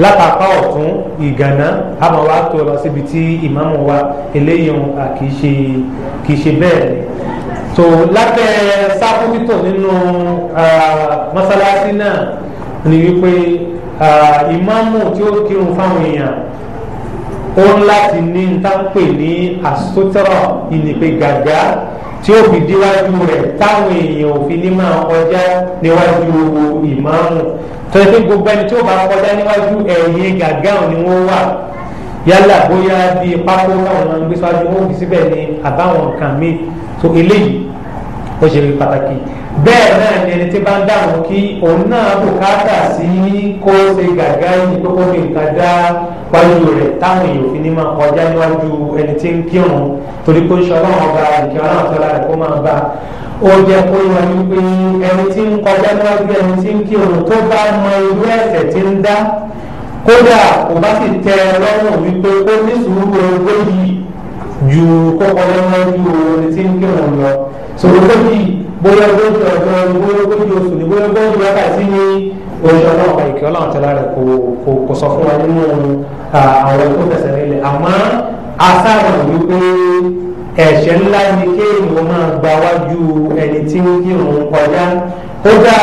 látàpá ọ̀tún ìgànná àmọ́ wa tó lọ síbi tí ìmáàmù wa eléyìí kì í ṣe kì í ṣe bẹ́ẹ̀ ni tó lábẹ́ sáfù títò nínú mọ́sálásí náà ni wípé ìmáàmù tí ó kírun fáwọn èèyàn ó ń láti ní ntánpè ní asotẹ́rọ̀ ìnìpe gàgá tí ó fi díwájú rẹ̀ táwọn èèyàn ò fi ní máa kọjá níwájú ìmáàmù tọ́jú pé gbogbo ẹni tí ó bá kọjá níwájú ẹ̀yìn gàgá ni wọ́n wà yálà bóyá bí pákó táwọn máa ń gbé síwájú wọn ò fi síbẹ̀ ní àbáwọn nǹkan mi tó eléyìí ó ṣe pàtàkì bẹ́ẹ̀ náà ni ẹni tí bá ń dáhùn kí òun náà bùkátà sí kó ṣe gàgá yìí kókó fi nǹkan dá wájú rẹ̀ táwọn èèyàn fi ní máa kọjá níwájú ẹni tí ń kírun torí pé ṣe ọlọ́run ọba ìkẹ́ ọlọ́run tọ́lá rẹ̀ kó máa bá ó jẹ́ kó yẹ wájú pé ẹni tí ń kọjá níwájú ẹni tí ń kírun tó bá mọ irú ẹ̀ṣẹ̀ tí ń dá kódà kò bá sì tẹ́ ẹ lọ́rùn wípé ó ní sùúrù ogójì ju kó níwájú ẹni tí ń kírun lọ sòrò ogójì bóyá ogójì ọjọ́ ni bóyá ogójì oṣù ni bóyá ogójì wákàtí ni oṣù ọlọ́ọ̀pá ìkẹ́ ọlọ́run tẹ́lá rẹ̀ kò kò sọ fún wa nínú àwọn tó fẹsẹ̀ nílẹ̀ àmọ́ asáwọn wípé ẹ̀ṣẹ̀ ńlá ni kéèyàn máa gba wájú ẹni tí ń kírun kọjá kódà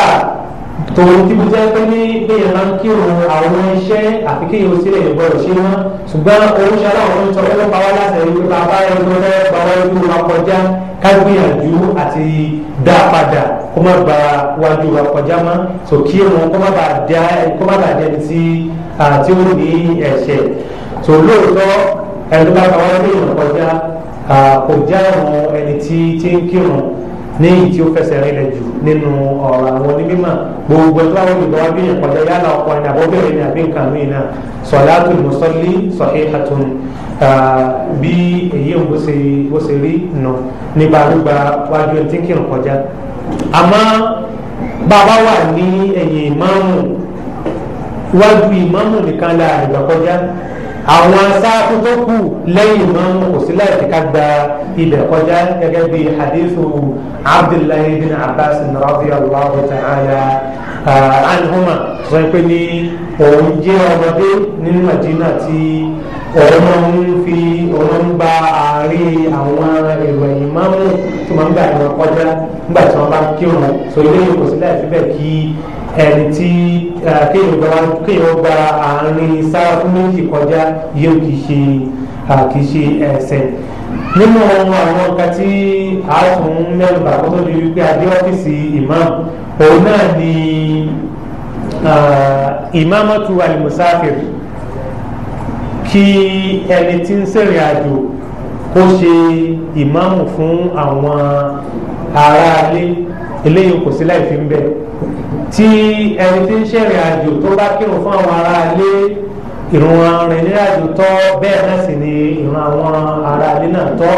tòun ti bí jẹ́ pé ní kéèyàn máa ń kírun àwọn iṣẹ́ àfi kéèyàn ó sílẹ̀ ìgbọ́dọ̀ ṣe wọ́n ṣùgbọ́n oríṣi aláwọ̀ ń sọ pé ó pa wá láti ẹ̀rí pé bàbá ẹni tó fẹ́ gba wájú wa kọjá ká gbìyànjú àti dá padà kó má ba wájú wa so mọ́ tó kí wọn kó má ba dá kó má ba dẹni ni tí ó ní ẹ̀ṣẹ̀ tó lóòótọ́ ẹni bá kàwé ní ìrìn kọjá kò já ẹ̀wọ̀n ẹni tí tí kírun ní èyí tí ó fẹsẹ̀ rinlẹ̀ jù nínú ọ̀rọ̀ àwọn onímọ̀ gbogbo ẹ̀tọ́ àwọn olùgbọ́ wa bíyàn kọjá yálà ọkùnrin àbọ̀bẹ̀rẹ̀ ni àbí nǹkan mí náà salatul musalli sahihatun bí èyí ò bó ṣe rí nù nípa gbígba wájú ẹni tí ń kírun kọjá. àmọ́ bàbá wà ní ẹ̀yìn ìmáàmù wájú ìmáàmù nìkan láàrin ìgbà kọjá àwọn sáàtú tó kù lẹ́yìn ìmọ̀ọ́mù kò sí láì fìkà gba ibẹ̀ kọjá gẹ́gẹ́ bí hadithu abdullahi bin abbas radiyallahu ta'ala uh, anhuma sọ pé ní òun jẹ́ ọmọdé nínú àdínà tí ọ̀nà ń fi ọ̀nà ń gba àárín àwọn èrò ẹ̀yìn máàmù tí wọ́n ń gbà ìwọ̀n kọjá nígbà tí wọ́n bá kírun so ilé ìkọ̀ sílẹ̀ síbẹ̀ kí ẹni tí kéèyàn gba àárín sára fún méjì kọjá yóò kì í ṣe kì í ṣe ẹ̀ṣẹ̀ nínú àwọn nǹkan tí a tún mẹ́rùnbà kó tó di wípé adé ọ́fíìsì imam òun náà ni imamatu alimusafiri kí ẹni tí ń ṣèrìn àjò kó ṣe ìmáàmù fún àwọn aráalé eléyìí kò sí láì fi ń bẹ tí ẹni tí ń ṣèrìn àjò tó bá kírun fún àwọn aráalé ìrun arìnrìn níláàjò tọ́ bẹ́ẹ̀ náà sì ni ìrun àwọn aráalé náà tọ́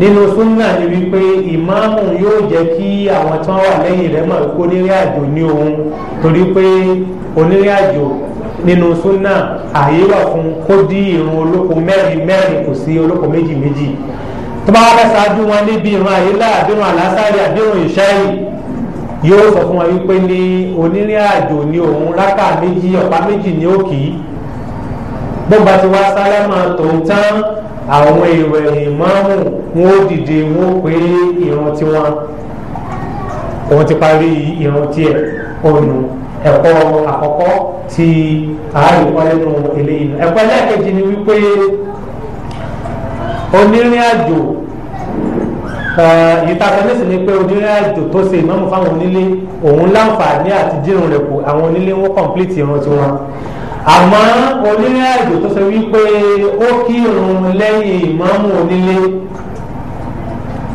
nínú súnà ni wípé ìmáàmù yóò jẹ́ kí àwọn tí wọ́n wà lẹ́yìn rẹ̀ mọ̀ pé onírìn àjò ní òun torí pé onírìn àjò nínú súnà ààyè wà fún kó dí irun olóko mẹ́rin mẹ́rin kò sí olóko méjì méjì tó bá wá fẹ́ ṣáájú wọn níbi irun àyílá àbírun àlásàrì àbírun ìṣáì yóò sọ fún wọn wípé ní onírìn àjò ni òun rákà méjì ọ̀pá méjì ni ó kì í gbọ́nba ti wá sálámà tó ń tán àwọn èrò ẹ̀yìn mọ́mù wọn ó dìde wọn ó pé irun tiwọn òun ti parí irun tiẹ̀ òun nù ẹ̀kọ́ àkọ́kọ́ tí ààrẹ kọ́ nínú eléyìí náà ẹ̀kọ́ ẹlẹ́ẹ̀kejì ni wípé onírìn àjò eh, ìtàkùn ní sì ni pé onírìn àjò tó ṣe ìmọ̀mù fáwọn onílé òun láǹfààní àti dírun rẹ̀ kù àwọn onílé wọn kọ̀ǹpìlìtì irun tiwọn àmọ́ onírìn àjò tó ṣe wípé ó kí irun lẹ́yìn ìmọ̀mù onílé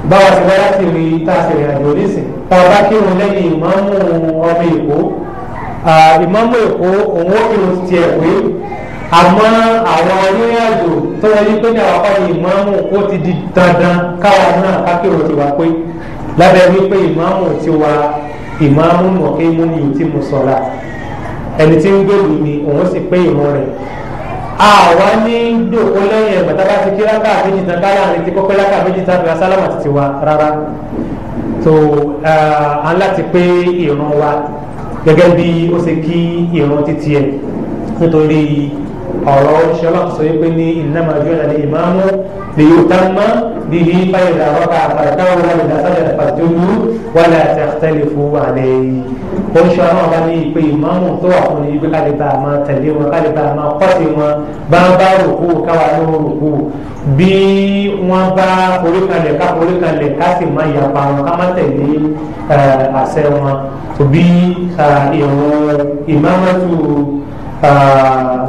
báwa ti wáyà sí rí tá a ṣèrìn àjò onísìn tá a bá kírun lẹ́yìn ìmọ̀mù ọmọ èkó ìmọ̀mọ́ èkó òun ó kí lóun ti ẹ̀ pé àmọ́ àwọn onírìnàjò tó wọlé pé ní àwọn akọ́ni ìmọ̀mù ó ti di dandan káwa náà kákèrò ti wá pé lábẹ́ wípé ìmọ̀mù ti wá ìmọ̀mù mọ̀kẹ́ mú ni tí mo sọ̀ra ẹni tí ń gbèrú ni òun sì pé ìmọ̀ rẹ̀ àwa ní dòkó lẹ́yìn ẹ̀gbọ́n tábà ti kí rákà méjì tán káyà àrùn ti kọ́kọ́ rákà méjì tán fìlà sálámà ti ti wá rárá tó aláti pé ìrun wa gẹ́gẹ́ bí ó ṣe kí ìran títí ẹ̀ nítorí ọ̀rọ̀ ṣọlá sọ pé ní ìnáma jọ́nà ní ìmáàmù lè yóò tá mọ́ bíi báyìí làwọn kà àfàdáwọ̀ láti dá sájà pàtó wala takhtalifu alayhi ó ń ṣe ọlọ́run bá ní ìpè ìmáàmù tó wà fún ní ibi ká lè bá a máa tẹ̀lé wọn ká lè bá a máa kọ́sí wọn bá ń bá rògbò káwa ló rògbò bí wọ́n bá forí kalẹ̀ ká forí kalẹ̀ ká sì máa yàpa wọn ká má tẹ̀lé àṣẹ wọn tòbí ìrún ìmáàmù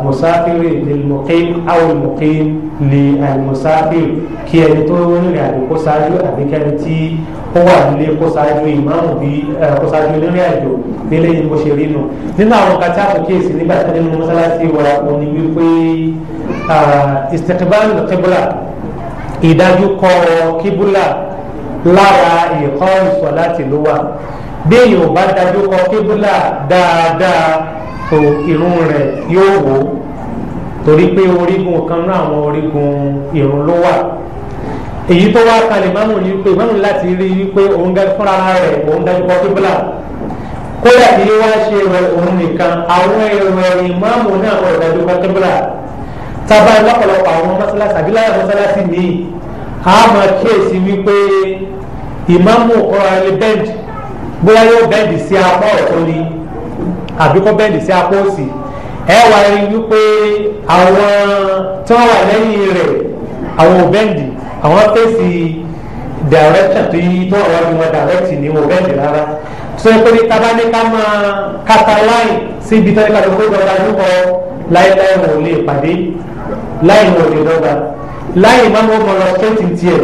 musafiri lilmuqim aw almuqim li almusafir kí ẹni tó ń rìn àdúgbò ṣáájú àbí tí kó wà nílé kó ṣáájú ìmáàmù bí kó ṣáájú eléré àjò délé ni mo ṣe rí nu nínú àwọn kàtí àtúnkèsí nígbà tí nínú mọ́sálásí wa òní wípé istiqbal kíbúlà ìdájú kọ kíbúlà lára ìkọ́ ìsọ̀láti ló wà bí èèyàn bá dájú kọ kíbúlà dáadáa tó irun rẹ̀ yóò wò torí pé orígun kan náà àwọn orígun irun ló wà èyí tó wá kalẹ̀ máa ń wò ní pé máa ń wò láti rí i pé òun gẹ́gẹ́ fúnra rẹ̀ òun dájú kọ́ kíbla kódà kì í wá ṣe rẹ̀ òun nìkan àwọn èrò ìmáàmù náà wọ̀ dájú kọ́ kíbla tábà lọ́pọ̀lọpọ̀ àwọn mọ́sálásí àbí láyà mọ́sálásí míì a máa kíyèsí wípé ìmáàmù ọ̀rọ̀ ayé bẹ́ẹ̀dì bóyá yóò bẹ́ẹ̀dì sí apá ọ̀tún ni àbí kó bẹ́ẹ̀dì sí apá òsì ẹ wá rí wípé àwọn tí wọ́n wà lẹ́yìn rẹ̀ àwọn ò bẹ́ẹ̀dì àwọn fèsì direction tó yí tó ọ̀rọ̀ ni wọn direct ni wọn bẹ́ẹ̀ rárá tó yẹ pé ní tabaníkà máa cataline sí ibi tó ní kàdé kó dọ́gba lúkọ láìláì wọn ò lè pàdé láì wọn ò lè dọ́gba láì má wọn mọ lọ straight in tiẹ̀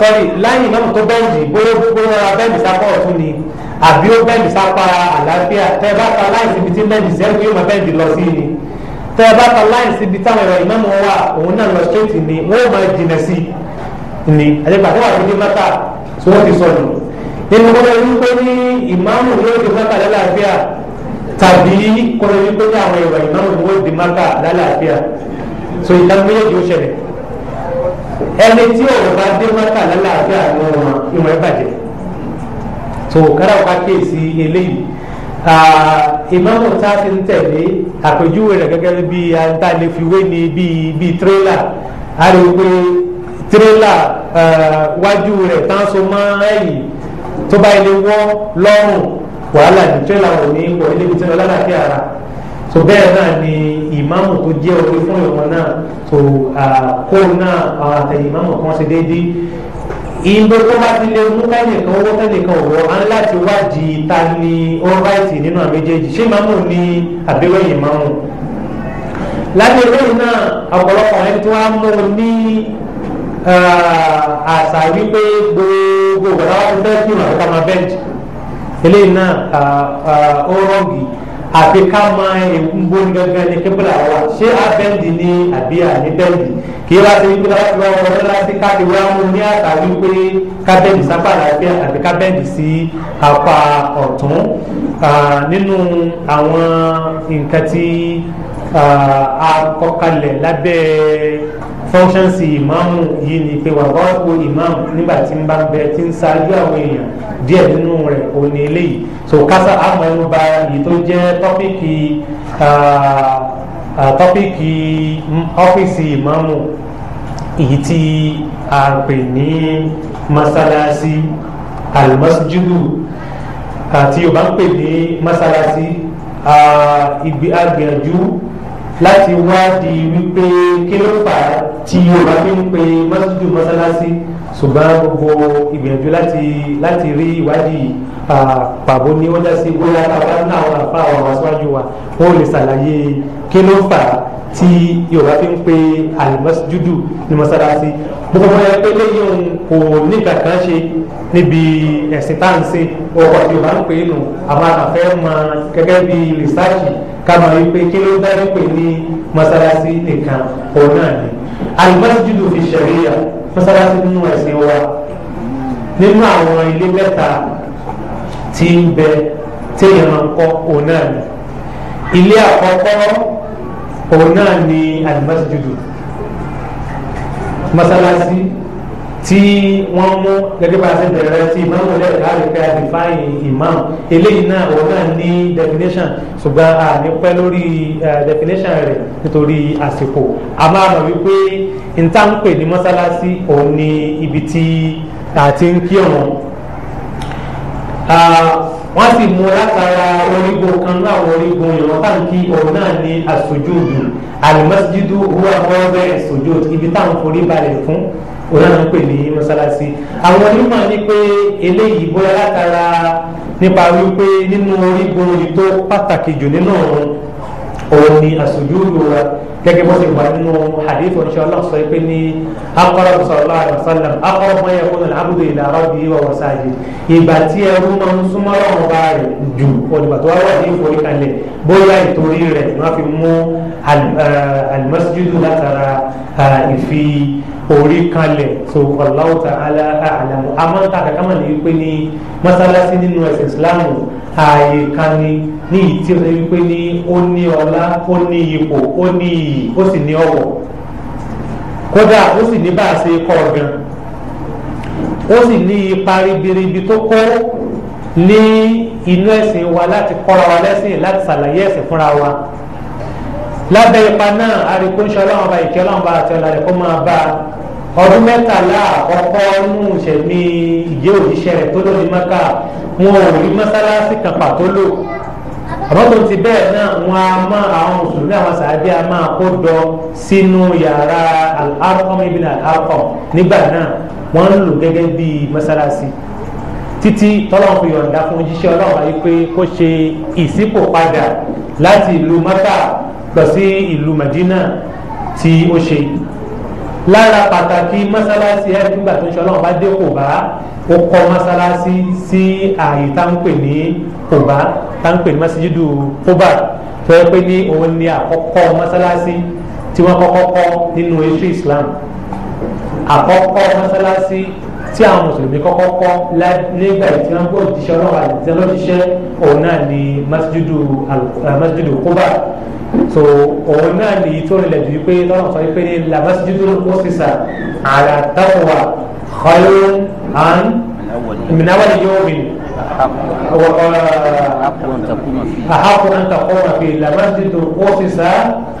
sorry láì má wọn tó bẹ́ẹ̀dì bóyá bóyá wọn bẹ́ẹ̀dì sápá ọ̀tún ni àbí ó bẹ́ẹ̀dì sápá àlàáfíà tẹ́ bá ta láì síbi tí bẹ́ẹ̀dì sẹ́yìn yóò máa bẹ́ẹ̀dì lọ sí ni tẹ ẹ bá ta láì síbi táwọn ẹ̀rọ ìmáàmù wa òun náà lọ ṣéètì ni wọ́n máa jìnà sí ni àdébà tó wà ní ní mẹ́ta tí wọ́n ti sọnù nínú kọ́ lóyún wípé ní ìmáàmù yóò di mẹ́ta lálàáfíà tàbí kọ́ lóyún wípé ní àwọn ẹ̀rọ ìmáàmù yóò di mẹ́ta lálàáfíà so ìdáná méjèèjì ó ṣẹlẹ̀ ẹni tí òun bá dé mẹ́ta lálàáfíà ni wọ́n ìwọ̀n ẹ̀ bàjẹ́ so kára ọ̀ká ìmáàmù tá a ti ń tẹ̀lé àpèjúwe rẹ̀ gẹ́gẹ́ bí antánifiwé ni bíi bíi tírélà a lè pe tírélà wájú rẹ̀ tán so mọ́ ẹ̀yìn tó bá ilé wọ́ lọ́rùn wàhálà ní tírélà ò ní wọ ilé ibi tí wọ́n lára kí ara so bẹ́ẹ̀ náà ni ìmáàmù tó jẹ́ orí fún ìwọ̀n náà tó kó náà àtẹ̀yìn ìmáàmù kan ṣe déédéé ìgbò tó bá ti lè mú kẹ́nìkan owó kẹ́nìkan òwò á ń láti wádìí ta ni ó ráìtì nínú àméjèèjì ṣé ìmáàmù ni àbíwẹ̀yìn ìmáàmù lábẹ́ eléyìí náà ọ̀pọ̀lọpọ̀ ẹni tí wọ́n á mú un ní àṣà wípé gbogbo ìgbàláwà tó bẹ́ẹ̀ kí ìrìn àkọ́kọ́ máa bẹ́ẹ̀ eléyìí náà ó rọ̀gì àfi ká máa ìbò gangan ní kébìlà wa ṣé abẹ́ndì ni àbí àní bẹ́ndì kí wá sí wípé láti wá wọlé láti káàdì wá mú ní àtà wípé ká bẹ́ndì sápá àlàáfíà àbí ká bẹ́ndì sí apá ọ̀tún nínú àwọn nǹkan tí a kọ́kalẹ̀ lábẹ́ functions ìmáàmù yìí ni pé wà wá wo ìmáàmù nígbà tí ń bá ń bẹ tí ń ṣáájú àwọn èèyàn díẹ̀ nínú rẹ̀ ò ní eléyìí so kásá àmọ́ ẹnu ba èyí tó jẹ́ tọ́pìkì tọ́pìkì ọ́fíìsì ìmáàmù èyí tí a pè ní masalasi almasjudu àti yorùbá ń pè ní masalasi ìgbé agbẹ̀jú láti wádìí wípé kí ló fà á tí yorùbá fi ń pe mọ́sídù mọ́sálásí ṣùgbọ́n gbogbo ìgbìyànjú láti láti rí ìwádìí pàbó ní wọ́n já sí bóyá bàbá náà àwọn àfa àwọn àwọn aṣáájú wa wọ́n ò lè ṣàlàyé kí ló fà á tí yorùbá fi ń pe àlùmọ́sídù ní mọ́sálásí gbogbo ọmọ yẹn pé lẹ́yìn òun kò ní kankan ṣe níbi ẹ̀sìn tá à ń ṣe ọkọ̀ tí yorùbá ń pè é nù àwọn àfẹ́ mọ gẹ́gẹ́ bí rìsáàjì ká mọ̀ wípé kí ló dá ní pè ní mọ́sálásí nìkan òun náà ni alimasijudu fi sariya masalasi nínú ẹ̀sìn wa nínú àwọn ilé mẹ́ta tí ń bẹ téèyàn máa ń kọ́ òun náà ni ilé àkọ́kọ́ òun náà ni alimasijudu masalasi tí wọ́n mú gẹ́gẹ́ bá a ṣe bẹ̀rẹ̀ sí imam wọlé láàrin pé a imam eléyìí náà òun náà ní definition ṣùgbọ́n a ní pẹ́ lórí definition rẹ̀ nítorí àsìkò a máa mọ̀ wípé ntànpè ní mọ́sálásí òun ní ibi tí a ti ń kí ọ̀run wọ́n sì mú látara orígun kan náà orígun ìrọ̀ táǹkì òun náà ní àsojúdù alimọ́sídìdù huwa mọ́ọ́bẹ̀ sojúdù ibi táwọn forí balẹ̀ fún òun náà ń pè ní mọ́sálásí àwọn onímọ̀ ni pé eléyìí bóyá látara nípa wípé nínú orígun tó pàtàkì jù nínú òun òun ni àsùjúdù wa gẹ́gẹ́ bó ti wà nínú hadith ọ̀ṣẹ́ ọlọ́sọ pé ní akọ́rọ̀ sọ̀rọ̀ àdàsálàm akọ́rọ̀ mọ́ ẹ̀kọ́ náà abudu ila rabbihi wa huwa sajid ìgbà tí ẹrú máa ń súnmọ́ ọ̀rọ̀ bá rẹ̀ jù òdìgbà tó wà wà ní ìforí kalẹ̀ bóyá ìtorí rẹ̀ ni wọ́n fi mú alimọ́síjúdù eh, látara eh, ìfi orí kalẹ̀ so Allahu ta'ala a'lam àmọ́ ta kàkàmọ́ ní pé ní mọ́sálásí nínú ẹ̀sìn Islam ààyè kan ni ní ìtí ó ṣe wípé ní ó ní ọlá ó ní ipò ó ní iyì ó sì ní ọ̀wọ̀ kódà ó sì ní bá a ṣe kọ́ ọ̀gàn ó sì ní ipa ribiribi tó kó ní inú ẹ̀sìn wa láti kọ́ra wa lẹ́sìn láti ṣàlàyé ẹ̀sìn fúnra wa lábẹ́ ipa náà arìkúnṣe ọlọ́run ọba ìkẹ́ ọlọ́run ọba àti ọ̀la kó máa bá ọdún mẹ́tàlá àkọ́kọ́ nù ṣẹ̀mí ìjẹ́ òjíṣẹ́ rẹ̀ tó lóde mọ́kà wọn ò rí mọ́sálásí kan pàtó lò àbọ̀tò ti bẹ́ẹ̀ náà wọn a máa àwọn mùsùlùmí àwọn sàádé a máa kó dọ sínú yàrá al-Arqam ibn al-Arqam nígbà náà wọ́n ń lò gẹ́gẹ́ bí mọ́sálásí títí tọ́lọ́n fi yọ̀ǹda fún jíṣẹ́ ọlọ́run ayé pé kó ṣe ìsípò padà láti ìlú Mẹ́kà lọ sí ìlú Madina tí ó ṣe yìí lára pàtàkì mọ́sálásí ẹ̀ nígbà tó ń sọ lọ́wọ́ bá dé kòbá ó kọ́ mọ́sálásí sí ààyè táǹpè ní kòbá táǹpè ní mọ́síjídù kóbá tó yẹ pé ní òun ni àkọ́kọ́ mọ́sálásí tí wọ́n kọ́kọ́ kọ́ nínú ètò Islam àkọ́kọ́ mọ́sálásí tí àwọn mùsùlùmí kọ́kọ́ kọ́ nígbà tí wọ́n gbọ́ òjíṣẹ́ ọlọ́wọ́ àti ìtẹ́lọ́jíṣẹ́ òun náà ni mọ́síjídù kóbá so òun náà lè tó rẹ̀ lẹ́bi pé lọ́nà sọ pé ní lamasjidul usisa ala taqwa khayrun an min awwali yawmin أحق أن تقوم فيه لمسجد أسس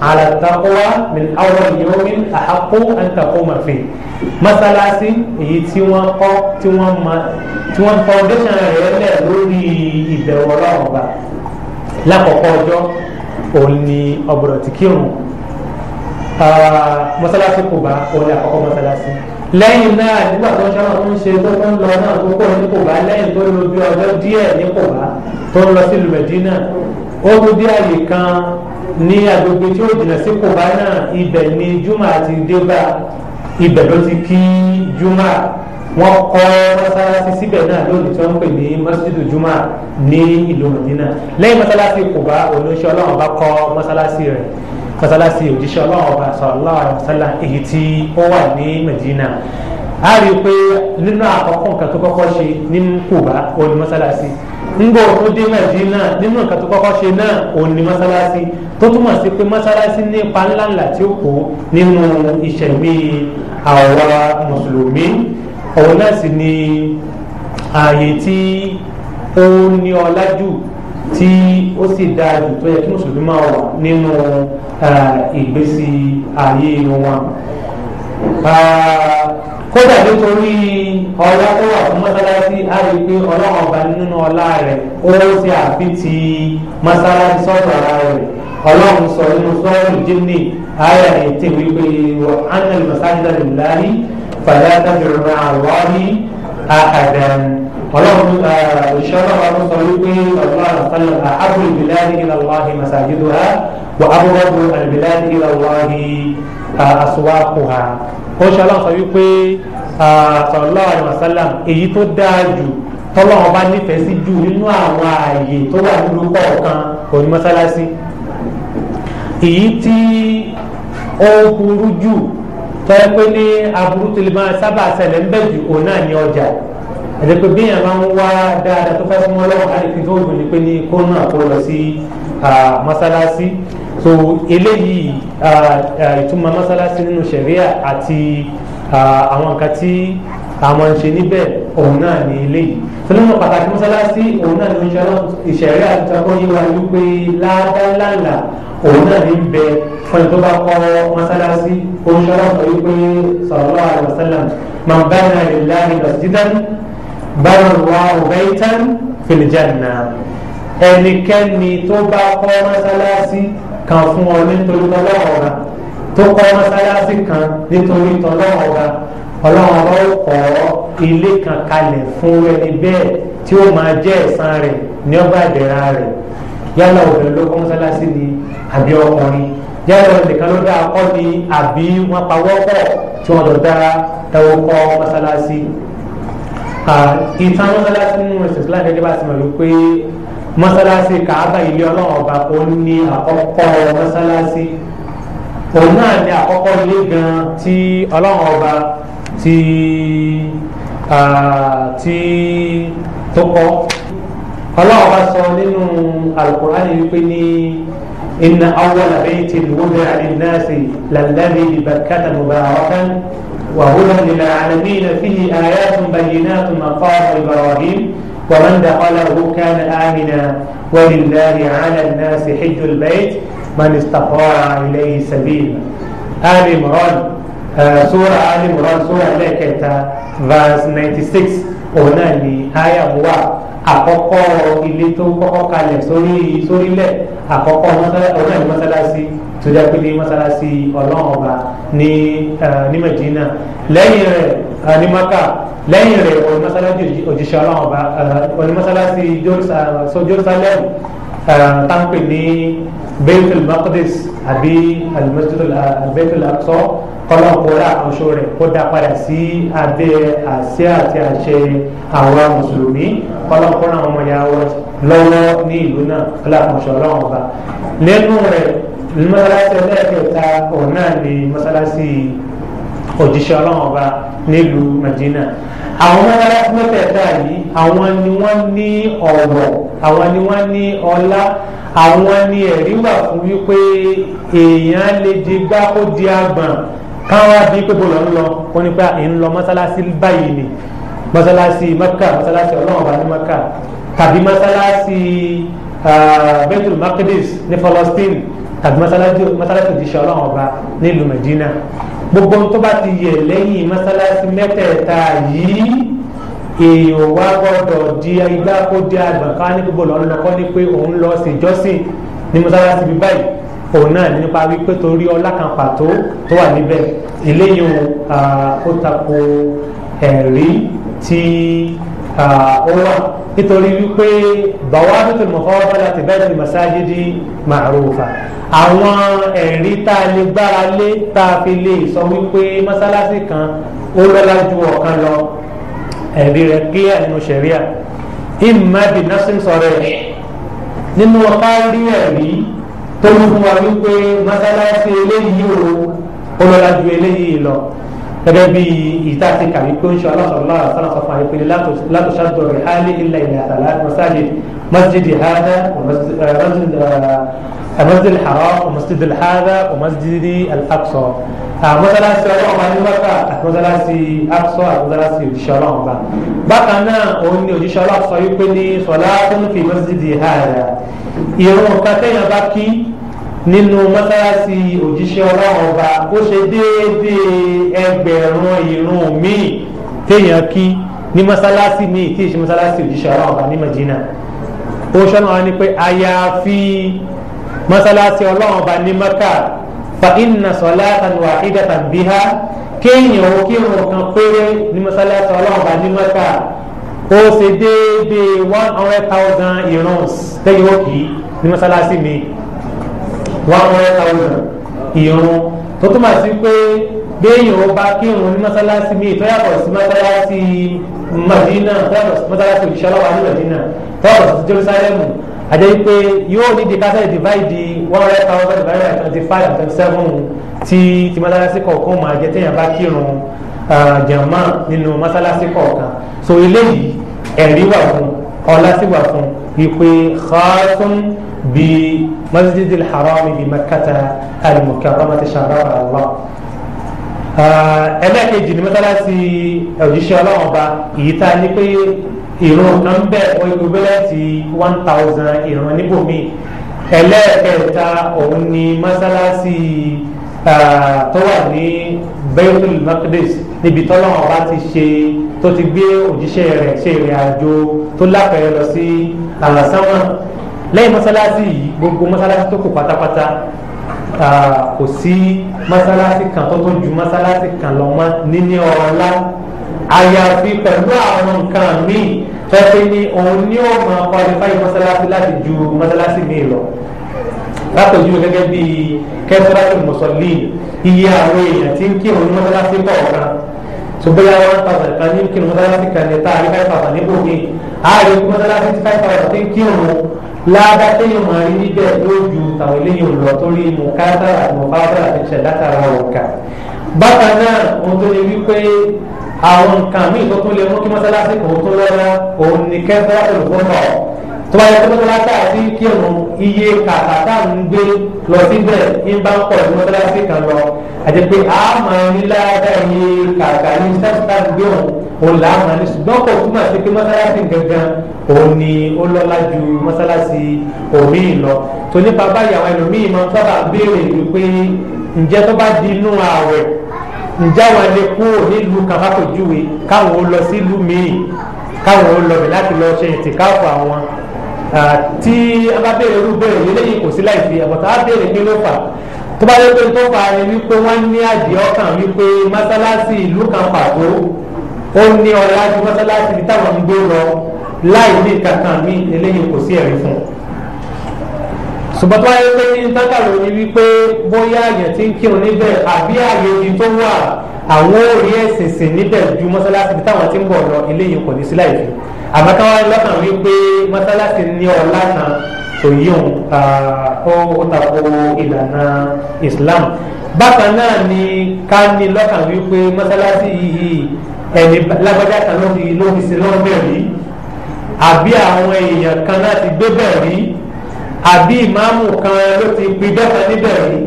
على التقوى من أول يوم أحق أن تقوم فيه mọ́sálásí èyí tí wọ́n kọ́ tí wọ́n mọ tí wọ́n foundation rẹ̀ lẹ̀ lórí ìbẹ̀wò ọlọ́run ọba lákọ̀ọ́kọ́ òun ni ọ̀bọ̀dọ̀ ti kírun mọ́sálásí kò bá òun ni àkọ́kọ́ mọ́sálásí lẹ́yìn náà nígbà tó ń sábà tó ń ṣe tó ń lọ náà tó kó ní kò bá lẹ́yìn tó lò bí ọjọ́ díẹ̀ ní kò bá tó ń lọ sí lùmẹ̀dínà ó mú bí àyè kan ní agbègbè tí ó jìnnà sí kò bá náà ibẹ̀ ni juma ti dé bá ibẹ̀ ló ti kí juma wọ́n kọ́ mọ́sálásí síbẹ̀ náà lónìí tí wọ́n ń pè ní mọ́sídù juma ní ìlú Madina lẹ́yìn mọ́sálásí Kùbá olóṣèlú Ọlọ́run bá kọ́ mọ́sálásí rẹ̀ mọ́sálásí òjíṣẹ́ Ọlọ́run ọba sallallahu alaihi wasallam èyí tí ó wà ní Madina a rí i pé nínú àkọ́kọ́ nǹkan tó kọ́kọ́ ṣe ní Kùbá òní mọ́sálásí ńgbọ́ tó dé Madina nínú nǹkan tó kọ́kọ́ ṣe náà òní mọ́sálásí tó túmọ̀ sí pé mọ́sálásí ní ipa ńláńlá tí ó kó nínú ìṣẹ̀mí àwa mùsùlùmí òun náà sì ni ààyè tí ó ní ọlá jù tí ó sì dáa jù tó yẹ kí mùsùlùmí máa wà nínú ìgbésí ayé wọn kódà nítorí ọlá tó wà fún mọ́sálásí á rí i pé ọlọ́run ọba nínú ọlá rẹ̀ ó ṣe àfi ti mọ́sálásí sọ́dọ̀ ara rẹ̀ ọlọ́run sọ nínú sọ́ọ̀rù jíní ayà ètè wípé wọ́n á nà lè mọ́sálásí lè láyé. فلا تدع مع الله أحدا ọlọ́run ìṣọ́nà wa ló sọ wípé ọlọ́run àṣàlẹ̀ àhábù ìbíláàdì ìlàláhi masajiduha wà ábúrọ́bù àlìbíláàdì ìlàláhi aswaquha ó ṣọlá sọ wípé sallallahu alaihi wasallam èyí tó dáa jù tọ́lọ́run bá nífẹ̀ẹ́ sí jù nínú àwọn ààyè tó wà nínú kọ̀ọ̀kan òní èyí tí ó burú jù tọ́lá pé ní aburú tó lè máa sábà ṣẹlẹ̀ ń bẹ̀ jù òun náà ní ọjà ẹ̀dẹ̀ pé bí yàrá ń wá dáadáa tó fẹ́ fún wọn lọ́wọ́ àti fífi òògùn ni pé ní kó náà kó lọ sí mọ́sálásí so eléyìí ìtumọ̀ mọ́sálásí nínú ṣẹ̀ríà àti àwọn nǹkan tí táwọn ń ṣe níbẹ̀ òun náà ní eléyìí tọ́lọ́nà pàtàkì mọ́sálásí òun náà ní oúnjẹ ìṣẹ̀rí àtúntàkọ́ yìí wá wípé ládàlálà òun náà ní bẹ fún ẹni tó bá kọ́ mọ́sálásí oúnjẹ ọlọ́sọ wípé sallallahu alaihi wasallam man bana lillahi masjidan bana Allahu baytan fil janna ẹnikẹ́ni tó bá kọ́ mọ́sálásí kan fún ọ nítorí tọ́lọ́ ọ̀gá tó kọ́ mọ́sálásí kan nítorí tọ́lọ́ ọ̀gá ọlọ́run ọba ó kọ́ ilé kan kalẹ̀ fún ẹni bẹ́ẹ̀ tí ó máa jẹ́ ẹ̀san rẹ̀ ní ọgbà ìdẹ̀ra rẹ̀ yálà obìnrin ló mọ́sálásí ni àbí ọkùnrin yálà ẹnìkan ló dá akọ́ ni àbí wọ́n pa wọ́pọ̀ tí wọ́n lọ dá ẹwọ́ kọ́ mọ́sálásí. ìtàn mọ́sálásí nínú ẹ̀sìn Islam ẹni bá ti mọ̀ wípé mọ́sálásí kàábà ilé ọlọ́run ọba kò ní àkọ́kọ́ mọ́sálásí òun náà ní àkọ́kọ́ ilé gan tí ọlọ́run ọba tí tí tó kọ́ ọlọ́run bá sọ nínú alukur'an wípé ní inna awwala baytin wudi'a lin-nasi lalladhi bi Bakkata mubarakan wa hudan lil-'alamin fihi ayatun bayyinatun maqamu Ibrahim ومن دخله كان آمنا ولله على الناس حج البيت من استطاع إليه سبيلا آل عمران Eh, sura ali imran sura ẹlẹ́kẹta verse ninety six òun náà ni aya wa àkọ́kọ́ ilé tó kọ́kọ́ kalẹ̀ sórí sórílẹ̀ àkọ́kọ́ òun náà ni mọ́sálásí tó jẹ́ pé ní mọ́sálásí ọlọ́run ọba ní eh, ní medina lẹ́yìn rẹ̀ eh, ní maka lẹ́yìn rẹ̀ òun mọ́sálásí òjíṣẹ́ ọlọ́run ọba òun mọ́sálásí jerusalem táǹpẹ̀ ní baitul maqdis àbí al-masjid al-baitul aqsa kọlọ́kọ́lá àkànṣe rẹ̀ kó dá padà sí abẹ́ àṣẹ àti àṣẹ àwọn mùsùlùmí kọlọ́kọ́lá ọmọ ya lọ́wọ́ ní ìlú náà kọlọ́kọ́ṣe ọlọ́run ọba nínú rẹ̀ mọ́sálásí ẹlẹ́ẹ̀kẹta òun náà ni mọ́sálásí òjíṣẹ́ ọlọ́run ọba nílùú Madina àwọn mọ́sálásí mẹ́tẹ̀ẹ̀ta yìí àwọn ni wọ́n ní ọ̀wọ̀ àwọn ni wọ́n ní ọlá àwọn ni ẹ̀rí wà fún wípé èèyàn lè di gbá kó di àgbọ̀n káwá bí pépò lọ ń lọ wọn ni pé ń lọ mọ́sálásí báyìí ni mọ́sálásí maka mọ́sálásí ọlọ́run bá ní maka tàbí mọ́sálásí bẹ́tùl makdis ní fọlọ́stìn tàbí mọ́sálásí òjíṣẹ́ ọlọ́run ọba nílùú medina gbogbo tó bá ti yẹ lẹ́yìn mọ́sálásí mẹ́tẹ̀ẹ̀ta yìí èèyàn wá gbọ́dọ̀ di igbá kó di àgbà ká ní gbogbo lọ́nà kọ́ ni pé òun lọ ṣèjọ́sìn ní mọ́sálásí bíi òun náà nípa wípé torí ọlá kan pàtó tó wà níbẹ̀ eléyìí ó tako ẹ̀rí tí ó wà nítorí wípé bawabitul muqabalati bainal masajidi ma'rufa àwọn ẹ̀rí tá a lè gbára lé tá a fi lè sọ wípé mọ́sálásí kan ó lọ́lá ju ọ̀kan lọ ẹ̀rí rẹ̀ kílíà nínú ṣẹ̀ríà imma bi nasin sọ̀rọ̀ ẹ̀ nínú ọ̀pá rí ẹ̀rí tọ́jú fún wa wípé mọ́sálásí eléyìí o ó lọ́la ju eléyìí lọ gẹ́gẹ́ bí ìta ti kà wípé ń ṣe aláṣọ aláṣọ aláṣọ fún àyẹ̀pẹ̀lẹ̀ látòṣàdọ̀rẹ̀ hálẹ̀ ilẹ̀ ilẹ̀ àtàlà mọ́sálẹ̀ مسجد هذا ومسجد المسجد الحرام ومسجد هذا ومسجد الأقصى مثلا سيارة أماني مكة مثلا سي أقصى مثلا سي شارع بقى أنا أني أجي شارع صيبني صلاة في مسجد هذا يوم كتير بكي nínú mọ́sálásí òjíṣẹ́ ọlọ́run ọba ó ṣe déédéé ẹgbẹ̀rún ìrun míì téèyàn kí ní mọ́sálásí míì tí ì ṣe mọ́sálásí òjíṣẹ́ ọlọ́run ọba ní Madina ó sọnà ni pé àyàfi mọ́sálásí ọlọ́run ọba ní maka fa inna salatan wahidatan biha kéèyàn ó kírun kan péré ní mọ́sálásí ọlọ́run ọba ní maka ó ṣe déédéé one hundred thousand irons tẹ́yìn ó kì í ní mọ́sálásí mi one hundred thousand irun tó túmọ̀ sí pé béèyàn ó bá kírun ní mọ́sálásí mi tó yàtọ̀ sí mọ́sálásí mi madina tábà mọ́tàlásì òṣìṣẹ́ ọlọ́wà ní madina tábà sí jerusalem àjẹ́ pé yóò ní di kásẹ̀ divide one hundred thousand divided by twenty five and twenty seven tí tí mọ́tàlásì kọ̀ọ̀kan máa jẹ́ téèyàn bá kírun jàmá nínú mọ́tàlásì kọ̀ọ̀kan so eléyìí ẹ̀rí wà fún ọlá sì wà fún wípé xaatun bí masjidil haram bí makkata alimukarramati shahra Allah. Ah, ẹlẹ́ẹ̀kejì ni mọ́sálásí òjíṣẹ́ ọlọ́run ọba èyí tá a ní pé ìrun kan ń bẹ̀ ọ ìgbẹ́lẹ́tì one thousand ìrun níbòmí ẹlẹ́ẹ̀kẹta òun ni mọ́sálásí ah, tó wà ní Baitul Maqdis níbi tọ́lọ́run ọba ti ṣe tó ti gbé òjíṣẹ́ rẹ̀ ṣe ìrìn àjò tó lápẹ̀rẹ̀ lọ sí àlàsámà lẹ́yìn mọ́sálásí yìí gbogbo mọ́sálásí tó kù pátápátá kò sí mọ́sálásí kan tó tó ju mọ́sálásí kan lọ mọ́ níní ọlá àyàfi pẹ̀lú àwọn nǹkan míì tọ́sí ni òun ní ó máa qualify mọ́sálásí láti ju mọ́sálásí míì lọ látọ̀jú gẹ́gẹ́ bí kẹ́sọ́láṣí mùsọ̀lì iye àwọn èèyàn tí ń kírun ní mọ́sálásí kọ̀ọ̀kan ṣùgbọ́n one thousand kan ní kírun mọ́sálásí kan ní tá a rí five thousand níbò mi a rí mọ́sálásí five thousand tí ń kírun láàbá téèyàn máa rí níbẹ̀ yóò ju tàwọn eléyìí lọ torí mùkátàrà àti mùbádàrà àti ṣẹ̀dátàrà òǹkà. bákan náà ohun tó lè wí pé àwọn nǹkan míì tó tún lè mú kí mọ́sálásí kò tó lọ́la òun ni kẹ́ńtàrà tó lùkọ́ tọ̀. tó bá yẹ kó mọ́sálásí àti kírun iye kàkàtà ń gbé lọ síbẹ̀ ń bá ń pọ̀ ju mọ́sálásí kan lọ. àti pé a máa ń rí láàdá iye kàkà ní sẹ́ńtà òun là á mọ̀ ní ṣùgbọ́n kò túmọ̀ sí pé mọ́sálásí gangan òun ni ó lọ́lá ju mọ́sálásí òmíì lọ tó nípa báyìí àwọn ẹlòmíì máa ń ba béèrè ju pé ǹjẹ́ tó bá di inú ààwẹ̀ ǹjẹ́ àwọn ẹni kúrò nílùú kan fàkójúwe káwọn ó lọ sílùú míì káwọn ó lọ bẹ̀ láti lọ ṣe ìtìkáàfọ̀ àwọn tí a ti béèrè irú béèrè yìí lẹ́yìn kò sí láì fi àbọ̀tá á béèrè kí ló fà á tó bá yẹ pé tó fa ẹni wípé wọ́n ní àdìẹ ọkàn wípé mọ́sálásí ìlú kan pàtó ó ní ọ̀la ju mọ́sálásí ní táwọn gbé lọ láì ní kankan mi eléyìí kò sí ẹ̀rí fún un. ṣùgbọ́n tó wáyé pé ní tákàlò ni wípé bóyá àyàn ti ń kírun níbẹ̀ àbí àyè ibi tó wà àwọn ò rí ẹ̀sìn sìn níbẹ̀ ju mọ́sálásí ní táwọn ti ń bọ̀ lọ eléyìí kò ní sí láì fi. àmọ́ káwá lọ́kàn wípé mọ́sálásí ní ọ̀la kan tòyún ó tako ìlànà Islam bákan náà ni ká ní lọ́kàn wípé mọ́sálásí yìí ẹni lágbájá kan ló fi ló fi ṣe lọ́wọ́ bẹ́ẹ̀ rí àbí àwọn èèyàn kan náà ti gbé bẹ́ẹ̀ rí àbí ìmáàmù kan ló ti pidán kan níbẹ̀ rí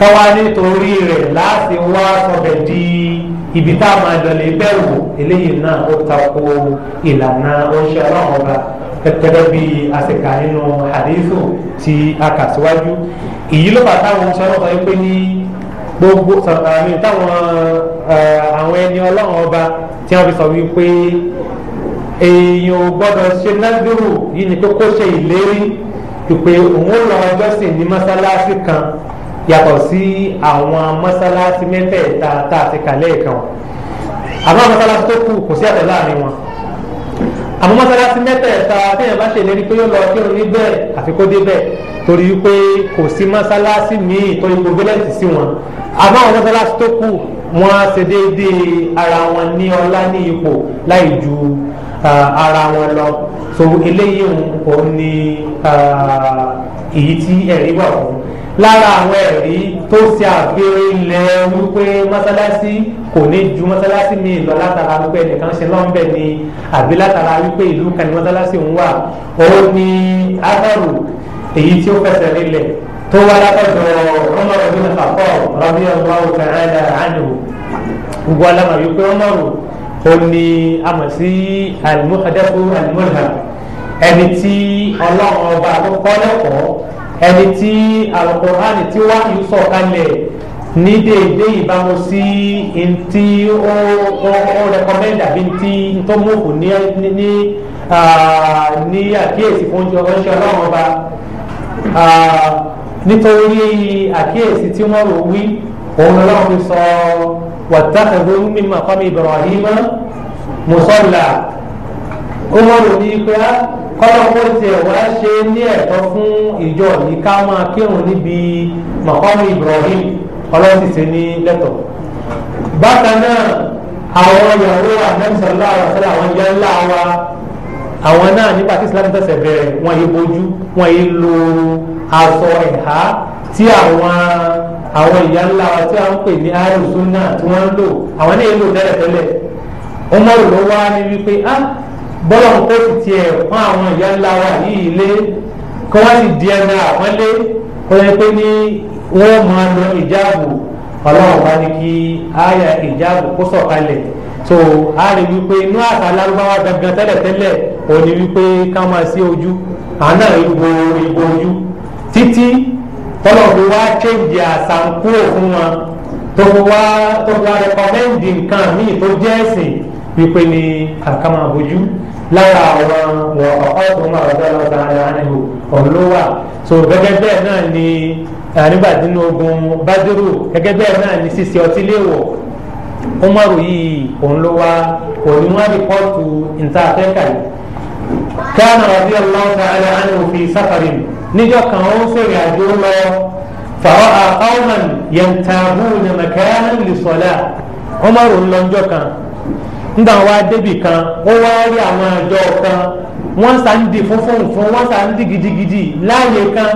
káwá nítorí rẹ̀ láti wá sọbẹ̀ di ibi tá a máa dọ̀lẹ́ bẹ́ẹ̀ wò eléyìí náà ó tako ìlànà oṣù ọlọ́run ọba gẹ́gẹ́ bí àṣekà nínú àdéhùn tí a èyí ló bàtà wọn sọ̀rọ̀ sọ pé ní gbogbo sàmì táwọn àwọn ẹni ọlọ́run ọba tí wọ́n fi sọ wípé èèyàn ò gbọ́dọ̀ ṣe nádùrù yìí ni pé kó ṣe ìlérí pípé òun ò lọ ọjọ́sìn ní mọ́sálásí kan yàtọ̀ sí àwọn mọ́sálásí mẹ́fẹ̀ẹ̀ta tá a ti kàlẹ́ ìkan àwọn mọ́sálásí tó kù kò sí àtọ̀ láàrin wọn àwọn mọ́sálásí mẹ́tẹ̀ẹ̀ta téèyàn bá ṣe lérí pé yóò lọ kírun níbẹ̀ àfi kó débẹ̀ torí pé kò sí mọ́sálásí míì tó ipò bẹ́lẹ̀tì sí wọn àmọ́ àwọn mọ́sálásí tó kù wọ́n á ṣe déédéé ara wọn ní ọlá ní ipò láì ju ara wọn lọ so eléyìí òun ni èyí tí ẹ̀rí wà fún lára àwọn ẹ̀rí tó ṣe àfihàn ilẹ̀ wípé mọ́sálásí kò ní ju mọ́sálásí mi lọ látara wípé ẹnìkan ṣe lọ́nbẹ̀ ni àbí látara wípé ìlú kan ní mọ́sálásí ń wà òun ni ágàrò èyí tí ó fẹsẹ̀ rinlẹ̀ tó wá látọ̀dọ̀ Umar bin Khattab radiyallahu ta'ala anhu gbogbo alama yìí pé Umar ó ní àmọ̀ sí al-muhdathu al-mulham ẹni tí ọlọ́run ọba àkọ́kọ́ lẹ́kọ̀ọ́ ẹni tí al-Qur'an ti wá yìí sọ̀kalẹ̀ ní déédé ìbámu sí ntí ó ó ó rẹkọmẹ́ndà bí ntí ntó mọ̀kù ní ní ní àkíyèsí fún ọjọ́ ọlọ́run ọba nítorí àkíyèsí tí wọ́n rò wí òun lọ́wọ́ fi sọ wàtàkàdó min maqami Ibrahim musalla ó wọ́n rò ní pé ah, kọ́lọ́kọ́ tiẹ̀ wá ṣe ní ẹ̀tọ́ fún ìjọ yìí ká máa kírun níbi maqami Ibrahim ọlọ́run ti ṣe ní lẹ́tọ̀ bákan náà àwọn ìyàwó àdẹ́sọ̀lá àwọn ìyá ńlá wa àwọn náà nígbà tí islam tẹ̀sẹ̀ bẹ̀rẹ̀ wọ́n yé bojú wọ́n yé lo aṣọ ẹ̀há tí àwọn àwọn ìyá ńlá wa tí a ń pè ní àrùsùn náà tí wọ́n ń lò àwọn náà yé lò tẹ́lẹ̀ tẹ́lẹ̀ umaru ló wá ní wípé ah bọ́lá ń kó ti tiẹ̀ fún àwọn ìyá ńlá wa yìí lé kí wọ́n sì di ẹnu àwọn lé kó yẹ pé ní wọ́n máa lo ìjáàbù ọlọ́run bá ní kí àyà ìjáàbù kó sọ̀kalẹ̀ so a rí wípé inú àṣà lárúbáwá gangan tẹ́lẹ̀ tẹ́lẹ̀ òun ni wípé ká máa sí ojú àná ìgò ìgò ojú títí tọ́lọ́gbé wá change àṣà ń kúrò fún wọn tó fi wá tó fi wá recommend nǹkan míì tó jẹ́ ẹ̀sìn wípé ni àkàmà bójú lára àwọn ọ̀pọ̀lọpọ̀ máa rọ̀jọ́ lọ́sà àdánù ọ̀lọ́wà so gẹ́gẹ́ bẹ́ẹ̀ náà ni nígbà tí inú ogun bádúró gẹ́gẹ́ bẹ́ẹ̀ náà ni ṣíṣe ọtí léèwọ̀ Umaru yìí òun ló wá òun ni á rí pọ́ọ̀tù ìta afẹ́kà yìí كان رضي الله تعالى عنه في سفر نجا كان سير الله فرأى قوما ينتابون مكانا للصلاة عمر لنجا كان nígbà wa débì kan ó wá rí àwọn àjọ kan wọ́n sá ń di funfun fún wọ́n sá ń di gidigidi láàyè kan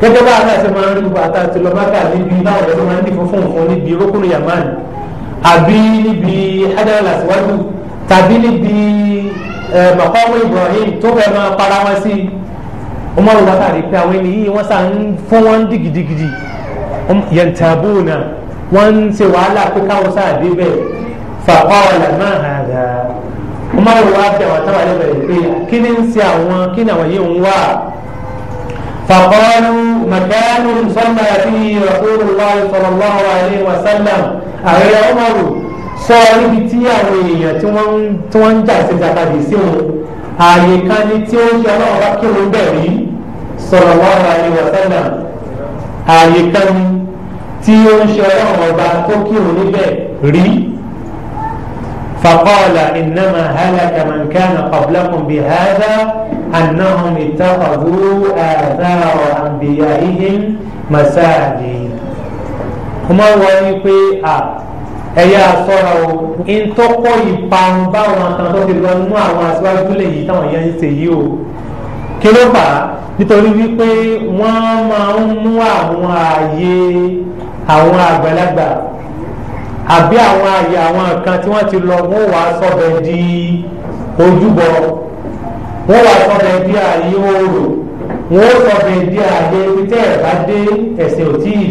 gẹ́gẹ́ bá àgbà ṣe máa ń rí gbogbo àtà àti lọ́bàkà níbi báwọn ọ̀dọ́ máa ń di funfun fún níbi rókùnrin yamani àbí níbi hadaralasiwaju tàbí níbi mọ̀kọ́mú eh, Ibrahim tó fẹ́ máa para wọn sí Umar wákàtí pé àwọn ènìyàn yìí wọ́n sàn ń fún wọn dìgìdìgìdì um, yantabuna wọ́n ń ṣe wàhálà pé káwọn sáà dé bẹ́ẹ̀ faqala ma hadha Umar wá bí àwọn táwọn ẹlẹ́bẹ̀ rẹ̀ pé kí ni ń ṣe àwọn kí ni àwọn yìí ń wá faqalu makanun salla fihi Rasulullah sallallahu alaihi wasallam ààrẹ Umar sọ níbi tí àwọn èèyàn tí wọ́n ń jà sí ìjàkadì sí wọn ààyè kan ní tí ó ń ṣe ọlọ́run bá kí wọn bẹ̀ rí sallallahu alaihi wasallam ààyè kan ní tí ó ń ṣe ọlọ́run ọba tó kí wọn níbẹ̀ rí faqala innama halaka man kana qablakum bihadha annahum ittakhadhu athara anbiya'ihim masajid. wọ́n wọ́n ní pé a ẹ̀yà àsọ̀rọ̀ o ntọ́pọ̀ ìparun báwọn kan tó ti lọ nínú àwọn aṣáájú lè yìí táwọn yẹn ń ṣe yìí o kí ló fà á nítorí wípé wọ́n máa ń mú àwọn ààyè àwọn àgbàlagbà àbí àwọn ààyè àwọn kan tí wọ́n ti lọ wọ́n wàá sọ̀bẹ̀ di ojúbọ wọ́n wàá sọ̀bẹ̀ di ààyè oòrò wọ́n sọ̀bẹ̀ di ààyè pété ẹ̀ bá dé ẹ̀sìn ò tí ì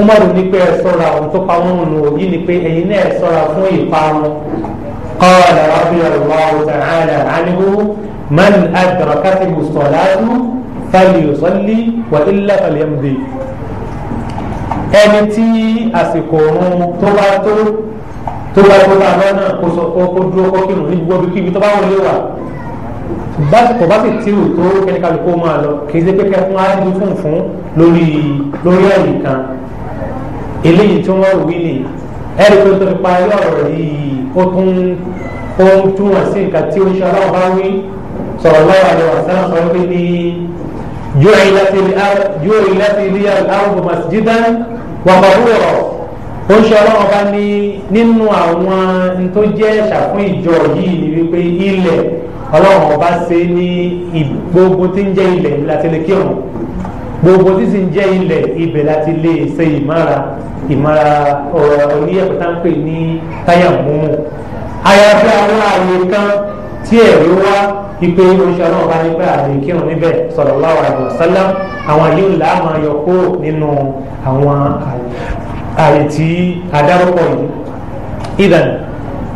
umaru ní pé ẹ sọ́ra ohun tó pa wọn nù òyìn ní pé ẹ̀yin náà ẹ sọ́ra fún ìparun qala radiyallahu ta'ala anhu man adrakatihi salatu falyusalli wa illa falyamdi ẹni tí àsìkò òun tó bá tó tó bá tó bá lọ́nà kó sọ kó kó dúró kó kírun níbi gbọ́ kíbi tó bá wọlé wà kò bá sì tírù tó kẹ́ni kálukú máa lọ kì í ṣe pé kẹ́kún á dúró fún fún lórí lórí ẹ̀yìn kan eléyìí tí wọ́n wí ni ẹ̀rí tó tó fi parí ọ̀rọ̀ yìí ó tún ó ń túmọ̀ sí nǹkan tí oṣù aláwọ̀ bá wí sọ̀rọ̀ lọ́wọ́ àlọ́ àṣà sọ pé ní ju'ilat liya al-ardu masjidan wa tahura oṣù aláwọ̀ bá ní nínú àwọn tó jẹ́ ṣàfún ìjọ yìí ni wípé ilẹ̀ ọlọ́run ọba ṣe ní gbogbo tí ń jẹ́ ilẹ̀ láti lè gbogbo tí sì ń jẹ́ ilẹ̀ ibẹ̀ láti lè ṣe ìmára ìmọ̀ra orí ẹ̀kọ́ tá ń pè ní táyà múmu àyàfi àwọn àyè kan tí ẹ̀rí wá ipe oṣù àwọn ọba nígbà àyè kírun níbẹ̀ sallallahu alaihi wasallam àwọn àyè ńlá máa yọ kúrò nínú àwọn àyè tí adárúkọ yìí idan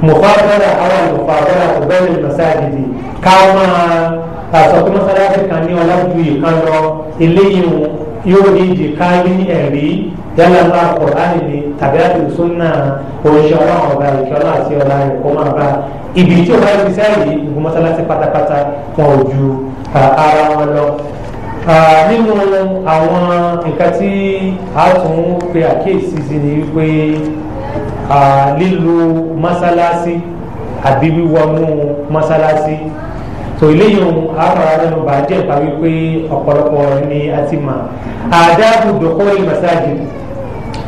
mùfàdàrà àwọn mùfàdàrà ọ̀gbẹ́ni masajidi ká máa àsọ̀tún mọ́sálásí kan ní ọlájú ìkan lọ eléyìí yóò ní ìdíkà ní ẹ̀rí yálà bá kọ̀ọ̀láì ni tàbí àti sunna oṣù ọlọ́run ọba ìṣọ́lá àti ọ̀la rẹ̀ kó máa bá ibi tí o bá ti sẹ́yìn ìgbìmọ̀ mọ́sálásí pátápátá wọn ò ju ara wọn lọ. nínú àwọn nǹkan tí a tún pe àkíyèsí sí ni wípé lílo mọ́sálásí àbí wíwọnú mọ́sálásí tò iléyìn afárá ló bá jẹ́ ìpa wípé ọ̀pọ̀lọpọ̀ ni a ti mọ̀ àdáàbò dòkó ìmọ̀sáàjì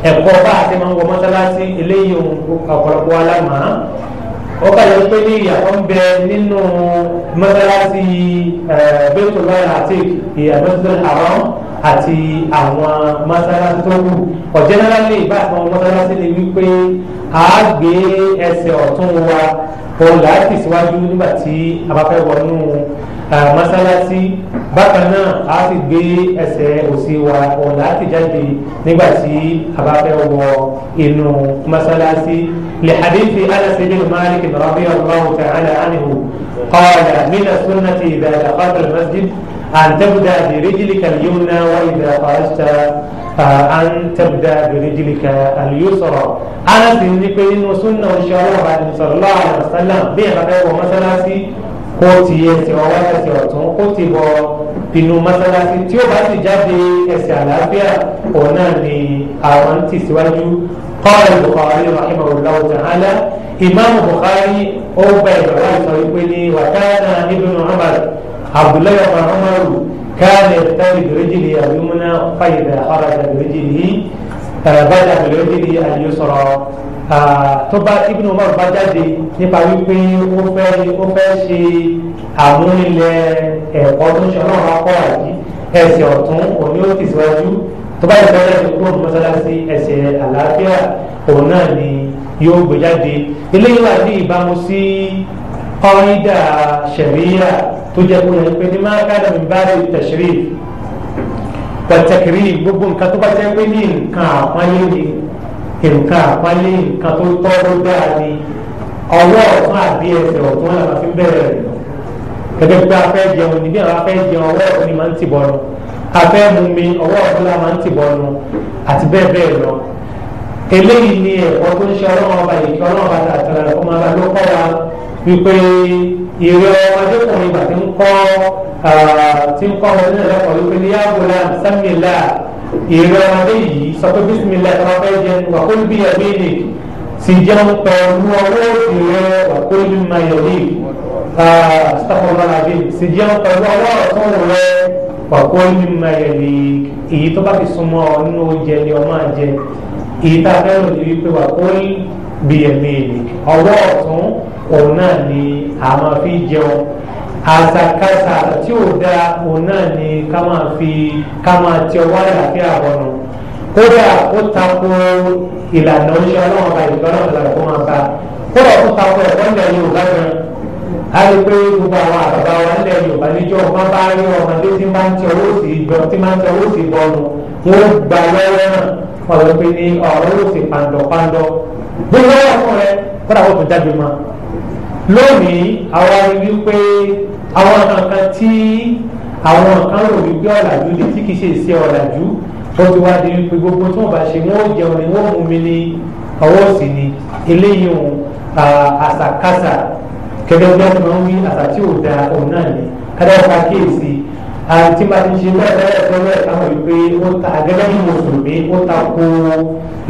ẹ̀kọ́ bá a ti máa ń wọ mọ́sálásí eléyìí ọ̀pọ̀lọpọ̀ alámà ó kà yẹ pé ní ìyàtọ̀ ń bẹ nínú mọ́sálásí bẹ́tù lọ́yà àti ìyàtọ̀ àwọn àti àwọn mọ́sálásí tó kù ọ̀jẹ́nẹ́rálì bá a ti máa wọ mọ́sálásí ni wípé a gbé ẹsẹ̀ ọ̀tún wa òun làá tẹ̀síwájú nígbà tí a bá fẹ́ wọnú mọ́sálásí. bákan náà a ti gbé ẹsẹ̀ òsì wa ọ̀la ti jáde nígbà tí a bá fẹ́ wọ inú masalasi lè hadithi anas ibn malik radiyallahu ta'ala anhu qala mina sunnati idha dakhalta al-masjid an tabda bi rijlika al-yumna wa idha kharajta an tabda bi rijlika al-yusra anas ní pé nínú sunna insha Allah sallallahu alaihi wasallam bí a bá fẹ́ wọ masalasi. kó ti ẹsẹ̀ ọwọ́ ẹsẹ̀ ọ̀tún kó ti bọ pinnu mọ́sálásí tí ó bá sì jáde ẹsẹ̀ àlàáfíà òun náà ni àwọn ń tẹ̀síwájú kọ́ọ̀lù Bukhari rahimahullahu ta'ala ìmáàmù Bukhari ó gba ìbára sọ wípé ní wàtáàna ibn Umar Abdullahi ọmọ Umaru káàlẹ̀ tẹ́lẹ̀ bìrìjìlì àbí múná fàyẹ̀dà ọ̀rọ̀ àbìrìjìlì yìí báyìí àtẹ̀lẹ́ níbi àyè sọ̀rọ̀ tó bá Ibn Umar bá jáde nípa wípé ó fẹ́ ó fẹ́ ṣe àmúlilẹ̀ ẹ̀kọ́ tó ṣe ọlọ́run akọ́ àjí ẹsẹ̀ ọ̀tún òní ó tẹ̀síwájú tó bá yẹ fẹ́rẹ́ tó gbóhùn mọ́sálásí ẹsẹ̀ àlàáfíà òun náà ni yóò gbé jáde eléyìí wà ní ìbámu sí ọ̀rídà ṣẹ̀ríyà tó jẹ́ kó yẹ pé ní má kádàmí bá rí tẹ̀sírì pọtẹkiri gbogbo nǹkan tó bá jẹ́ pé ní nǹkan àpáyé ni nǹkan àpáyé nǹkan tó tọ́ ló dáa ni ọwọ́ ọ̀tún àbí ẹsẹ̀ ọ̀tún làwọn fi bẹ̀rẹ̀ rẹ̀ lọ gẹ́gẹ́ bí a fẹ́ jẹun níbi àwọn afẹ́ jẹun ọwọ́ ọ̀tún ni máa ń tìbọ̀ lọ afẹ́ mu mi ọwọ́ ọ̀tún la máa ń tìbọ̀ lọ àti bẹ́ẹ̀ bẹ́ẹ̀ lọ eléyìí ni ẹ̀kọ́ tó ń ṣe ọlọ́run ọba yìí kí ọlọ́run ọba tààtàrà ọmọ ọba ló kọ́ wa wípé ìrẹ́ ọmọdékùnrin bàtí ń kọ́ tí ń kọ́ wọn náà lọ́kọ̀ wípé ní yàgòlá sàmìlá èrè ọmọdé yìí sọ pé bísímìlá tó máa fẹ́ jẹun wà kó níbi ẹ̀mí ni sì jẹun pẹ̀lú ọwọ́ òsì rẹ wà kó níbi mayọ̀lì sọ́kọ̀ọ́lọ́dàbí sì jẹun pẹ̀lú ọwọ́ ọ̀tún rẹ wà kó níbi mayọ̀lì èyí tó bá fi súnmọ́ ọ nínú oúnjẹ ni ọ máa jẹ èyí tá a fẹ́ràn ní wípé wà kó níbi ẹ̀mí ni ọwọ́ ọ̀tún òun náà ni a àṣàkáṣà tí ò dáa òun náà ni ká máa fi ká máa tẹ ọwọ́ àyàfi àbọ̀nù kódà ó tako ìlànà oníṣẹ́ ọlọ́run ọba ìgbọ́nà ìlànà tó máa bá kódà ó tako ẹ̀kọ́ ilẹ̀ yorùbá gan a lè pé gbogbo àwọn àbàbà wa ilẹ̀ yorùbá níjọ́ ọmọ bá rí ọmọdé tí máa ń tẹ owó sí ìgbọ́ tí máa ń tẹ owó sí bọ́ọ̀lù wọn ó gba lọ́wọ́ náà ọ̀rọ̀ pé ní ọ̀rọ̀ ó sì pàǹdọ̀pàǹdọ̀ gbogbo ọ̀rọ̀ fún rẹ kódà ó tún jáde máa lónìí àwa rí wípé àwọn kankan tí àwọn kan rò wípé ọ̀làjú ni tí kì í ṣe ìṣe ọ̀làjú ó ti wá di wípé gbogbo tí wọ́n bá ṣe wọ́n ó jẹun ni wọ́n mú mi ní ọwọ́ òsì ni eléyìí òun àṣàkáṣà gẹ́gẹ́ bí wọ́n máa ń wí àṣà tí ò da òun náà ni kádàkà kíyèsí àti tí bá ti ṣe bẹ́ẹ̀ bẹ́ẹ̀ bẹ́ẹ̀ káwọn wípé ó ta àgẹ́gẹ́ bí mùsùlùmí ó ta kó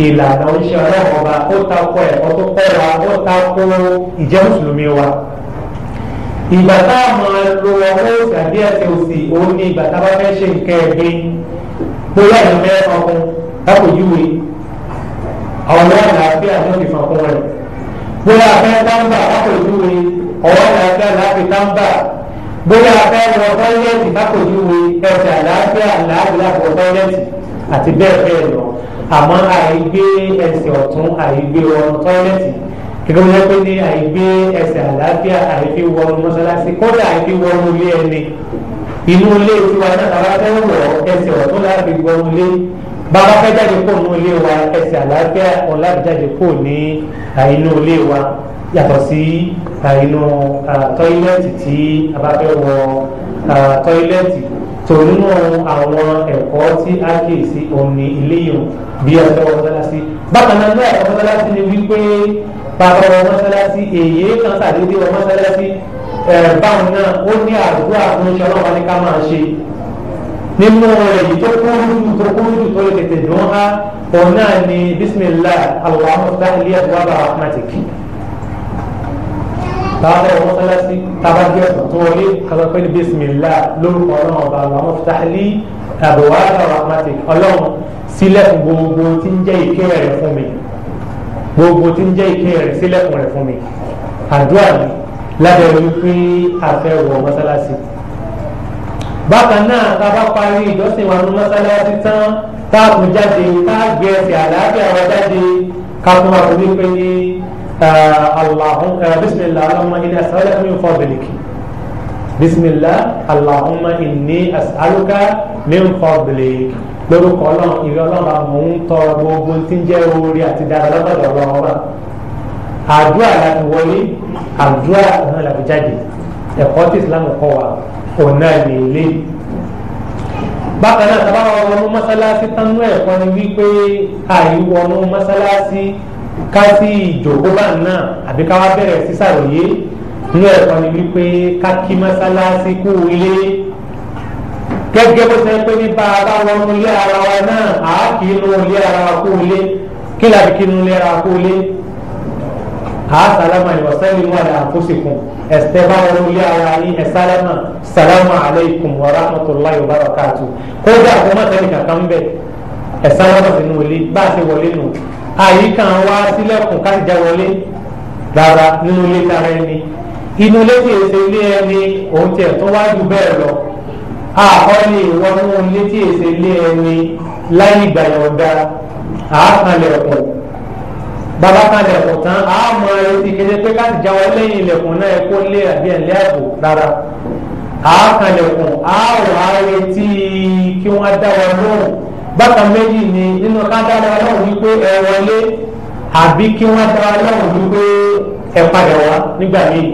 ìlànà oníṣẹ́ ọlọ́run ọba ó takò ẹ̀kọ́ tó kọ́ wa ó takò ìjẹ́ mùsùlùmí wa ìgbà tá a máa lo ọwọ́ òsì àbí ẹsẹ̀ òsì òun ni ìgbà tá a bá fẹ́ ṣe nǹkan ẹ̀gbin bóyá ìlú mẹ́rin ọkùn lápòjúwe àwọn ọlọ́run àlàáfíà ló fi fàn fún rẹ̀ bóyá afẹ́ táǹbà lápòjúwe ọwọ́ àlàáfíà láti táǹbà bóyá afẹ́ lọ tọ́lẹ́tì lápòjúwe ẹsẹ̀ àlàáfíà àti bẹ́ẹ̀ bẹ́ẹ̀ lọ àmọ́ àìgbé ẹsẹ̀ ọ̀tún àìgbé wọnú tọ́lẹ́tì gẹ́gẹ́ bí wọ́n pè ní àìgbé ẹsẹ̀ àlàáfíà àìgbé wọnú mọ́ṣáláṣí kódà àìgbé wọnú ilé ẹni inú ilé tiwa náà bàbá fẹ́ wọ̀ ẹsẹ̀ ọ̀tún láti wọnú ilé bàbá fẹ́ jáde kó nínú ilé wa ẹsẹ̀ àlàáfíà ọ̀la jáde kó ní inú ilé wa yàtọ̀ sí inú tọ́ílẹ̀tì tí a bá fẹ́ wọ tọ́ílẹ̀tì torí nù àwọn ẹ̀kọ́ tí a kì í sí òní iléyìn bí ọjọ́ wọn mọ́sálásí bákan náà ní ẹ̀kọ́ mọ́sálásí ni wípé bàbá wọn mọ́sálásí èyí kan sàdédé wọn mọ́sálásí báwọn náà ó ní àdúrà fún iṣẹ́ ọlọ́pàá ní ká máa ṣe nínú èyí tó kúrú jù tó kúrú jù tó lè tètè dùn á òun náà ni bismillah allahumma salli wa rahmatulahi báwo wọn mọ́sálásí tábàgé ọ̀sán tó wọlé kàtó pé ní bisimilá lórúkọ ọlọ́run ọba àwọn fúláhálí àbẹ̀wáyà rahmatik ọlọ́run sílẹ̀kùn gbogbo tí ń jẹ́ ìké rẹ̀ fún mi gbogbo tí ń jẹ́ ìké rẹ̀ sílẹ̀kùn rẹ̀ fún mi àdúrà mi lábẹ́ wípé àfẹ́wọ̀ mọ́sálásí. bákan náà tábà parí ìjọsìn wa ní mọ́sálásí tán táàkùn jáde táàgbé ẹsẹ̀ àlàáfíà wa jáde ká tó wà wọlé pé ní. اللهم بسم الله اللهم إني أسألك من فضلك بسم الله اللهم إني أسألك من فضلك lórúkọ ọlọ́run ìrẹ ọlọ́run àmọ ń tọrọ gbogbo tí ń jẹ oore àti dára lọ́dọ̀ ọlọ́run ọba àdúrà láti wọlé àdúrà náà láti jáde ẹ̀kọ́ tí islam kọ́ wa ọ̀nà lèlé bákan náà sábà wọn wọnú mọ́sálásí tánú ẹ̀kọ́ ni wípé àìwọnú mọ́sálásí Kasi sí ìjòkóbá náà àbí ká wá bẹ̀rẹ̀ sísàròyé nínú ẹ̀kọ́ ni wípé ká kí mọ́sálásí kú ilé gẹ́gẹ́ bó ṣe pé nípa bá wọnú ilé ara wa náà á kì í nu ilé ara wa kú ilé kí làbí kí nu ilé ara wa kú ilé á sàlámà ìwà sẹ́ni wà ní àkóṣekùn ẹ̀sẹ̀ bá wọnú ilé ara yín ẹ̀ sàlámà sàlámà aleikum wa rahmatulahi wa barakatu kódà kó má sẹ́ni kankan bẹ́ẹ̀ ẹ̀ sàlámà sínú ilé bá a ṣe wọlé nù àyíká wa sílẹ̀kùn ká jẹ wọlé rárá nínú ilé tara ẹni inú ilé tí èsè ilé ẹni òun tiẹ̀ tó wá ju bẹ́ẹ̀ lọ àkọọ́lẹ̀ ìwọ́nú ilé tí èsè ilé ẹni láyé ìgbà yọ̀ọ̀dá àákanlẹ̀kùn bàbá kanlẹ̀kùn tán àmọ́ ẹtì kéde pé ká jà wọ́n lẹ́yìn ilẹ̀kùn náà ẹ̀kọ́ lé àbí ẹ̀lẹ́ àbò rárá àákanlẹ̀kùn àárọ̀ àárẹ̀ tí kí wọ́n dá wọn lóhùn bákan méjì ni nínú ká dára lọ́wọ́ wípé ẹ wọlé àbí kí wọ́n dára lọ́wọ́ wípé ẹ padà wá nígbà míì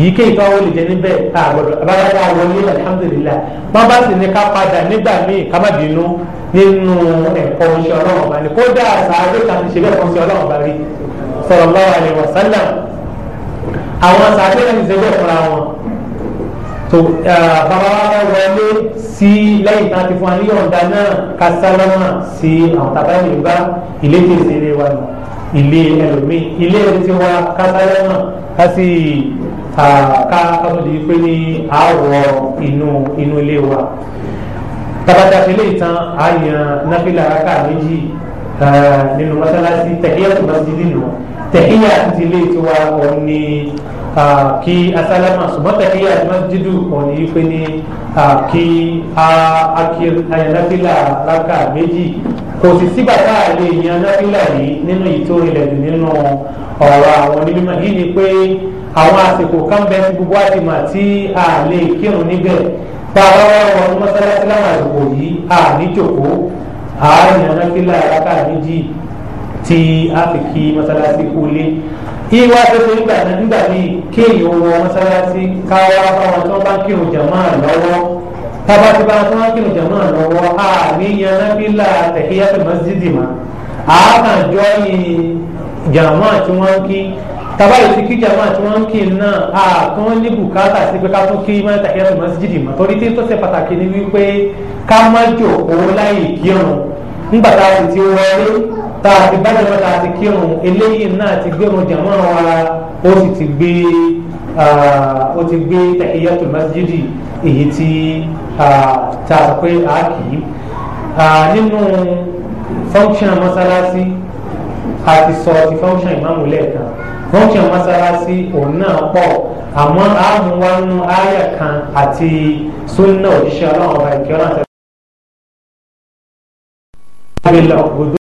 yíkéyìí káwọ́ lè jẹ níbẹ̀ ká gbọdọ̀ abájáde àwọlé alihamudulilá má bá sì ní ká padà nígbà míì ká má bínú nínú ẹ̀kọ́ oṣù ọlọ́run ọba ni kódà sàádé kan ti ṣe bẹ́ẹ̀ fún oṣù ọlọ́run ọba rí sallallahu alaihi wasallam àwọn sàádé kan ti ṣe bẹ́ẹ̀ fúnra wọn to uh, bàbá wa wọlé sí lẹ́yìn tá a ti fún wa ní yọ̀ǹda náà ká sálámà sí àwọn tàbá yìí bá ilé kejì ilé wa nù ilé ẹlòmíì ilé ẹni tí wa ká sálámà ká sì ká kọ́tù di pé ní àwọ̀ inú inú ilé wa tabata ilé ìtàn àyàn náfìlà ká méjì nínú mọ́sálásí tẹ̀híyà tó bá ti dín ti ilé tiwa kí asálámà ṣùgbọ́n tàkíyà masjidu òní pé ní kí ayọ̀nàfílà rákà méjì kò sì sígbà tá a lè yan náfílà yìí nínú ìtòrìlẹ̀ jù nínú ọ̀rọ̀ àwọn onímọ̀ yìí ni pé àwọn àsìkò kan bẹ sí gbogbo àtìmọ̀ tí a lè kírun níbẹ̀ bá a bá wà wọn mọ́sálásí láwọn àsìkò yìí a jòkó a yan náfílà rákà méjì tí a fi kí mọ́sálásí kú lé yìí wá pépé nígbà nígbà míì kéèyàn wọ mọ́sálásí káwá báwọn tó bá kírun jàmáà lọ́wọ́ tábàtí bá tó bá kírun jàmáà lọ́wọ́ àníyàn nábìlà tẹ̀kíyàtì mọ́sídìí mà àákànjọ́ yìí jàmáà tí wọ́n ń kí tàbá yìí ti kí jama tí wọ́n ń kí n náà a kí wọ́n ní bùkátà sí pé ká tún kí má tàkìyà tó masjidi mọ́ torí tí tó ṣe pàtàkì ni wípé ká má jòkó láyè kírun nígbà tá a sì ti wọlé ta a ti bájà náà tá ti kírun eléyìí náà ti gbẹ̀rún jàmọ́ wa ó sì ti gbé ó ti gbé tahiyatul masjidi èyí tí tá a sọ pé a kì í nínú function masalasi àti sọ ti function ìmáàmù lẹ́ẹ̀kan function masalasi òun náà pọ̀ àmọ́ àmúwánú àyà kan àti sunna òjíṣẹ́ ọlọ́run ọba ìkẹ́ ọ̀nà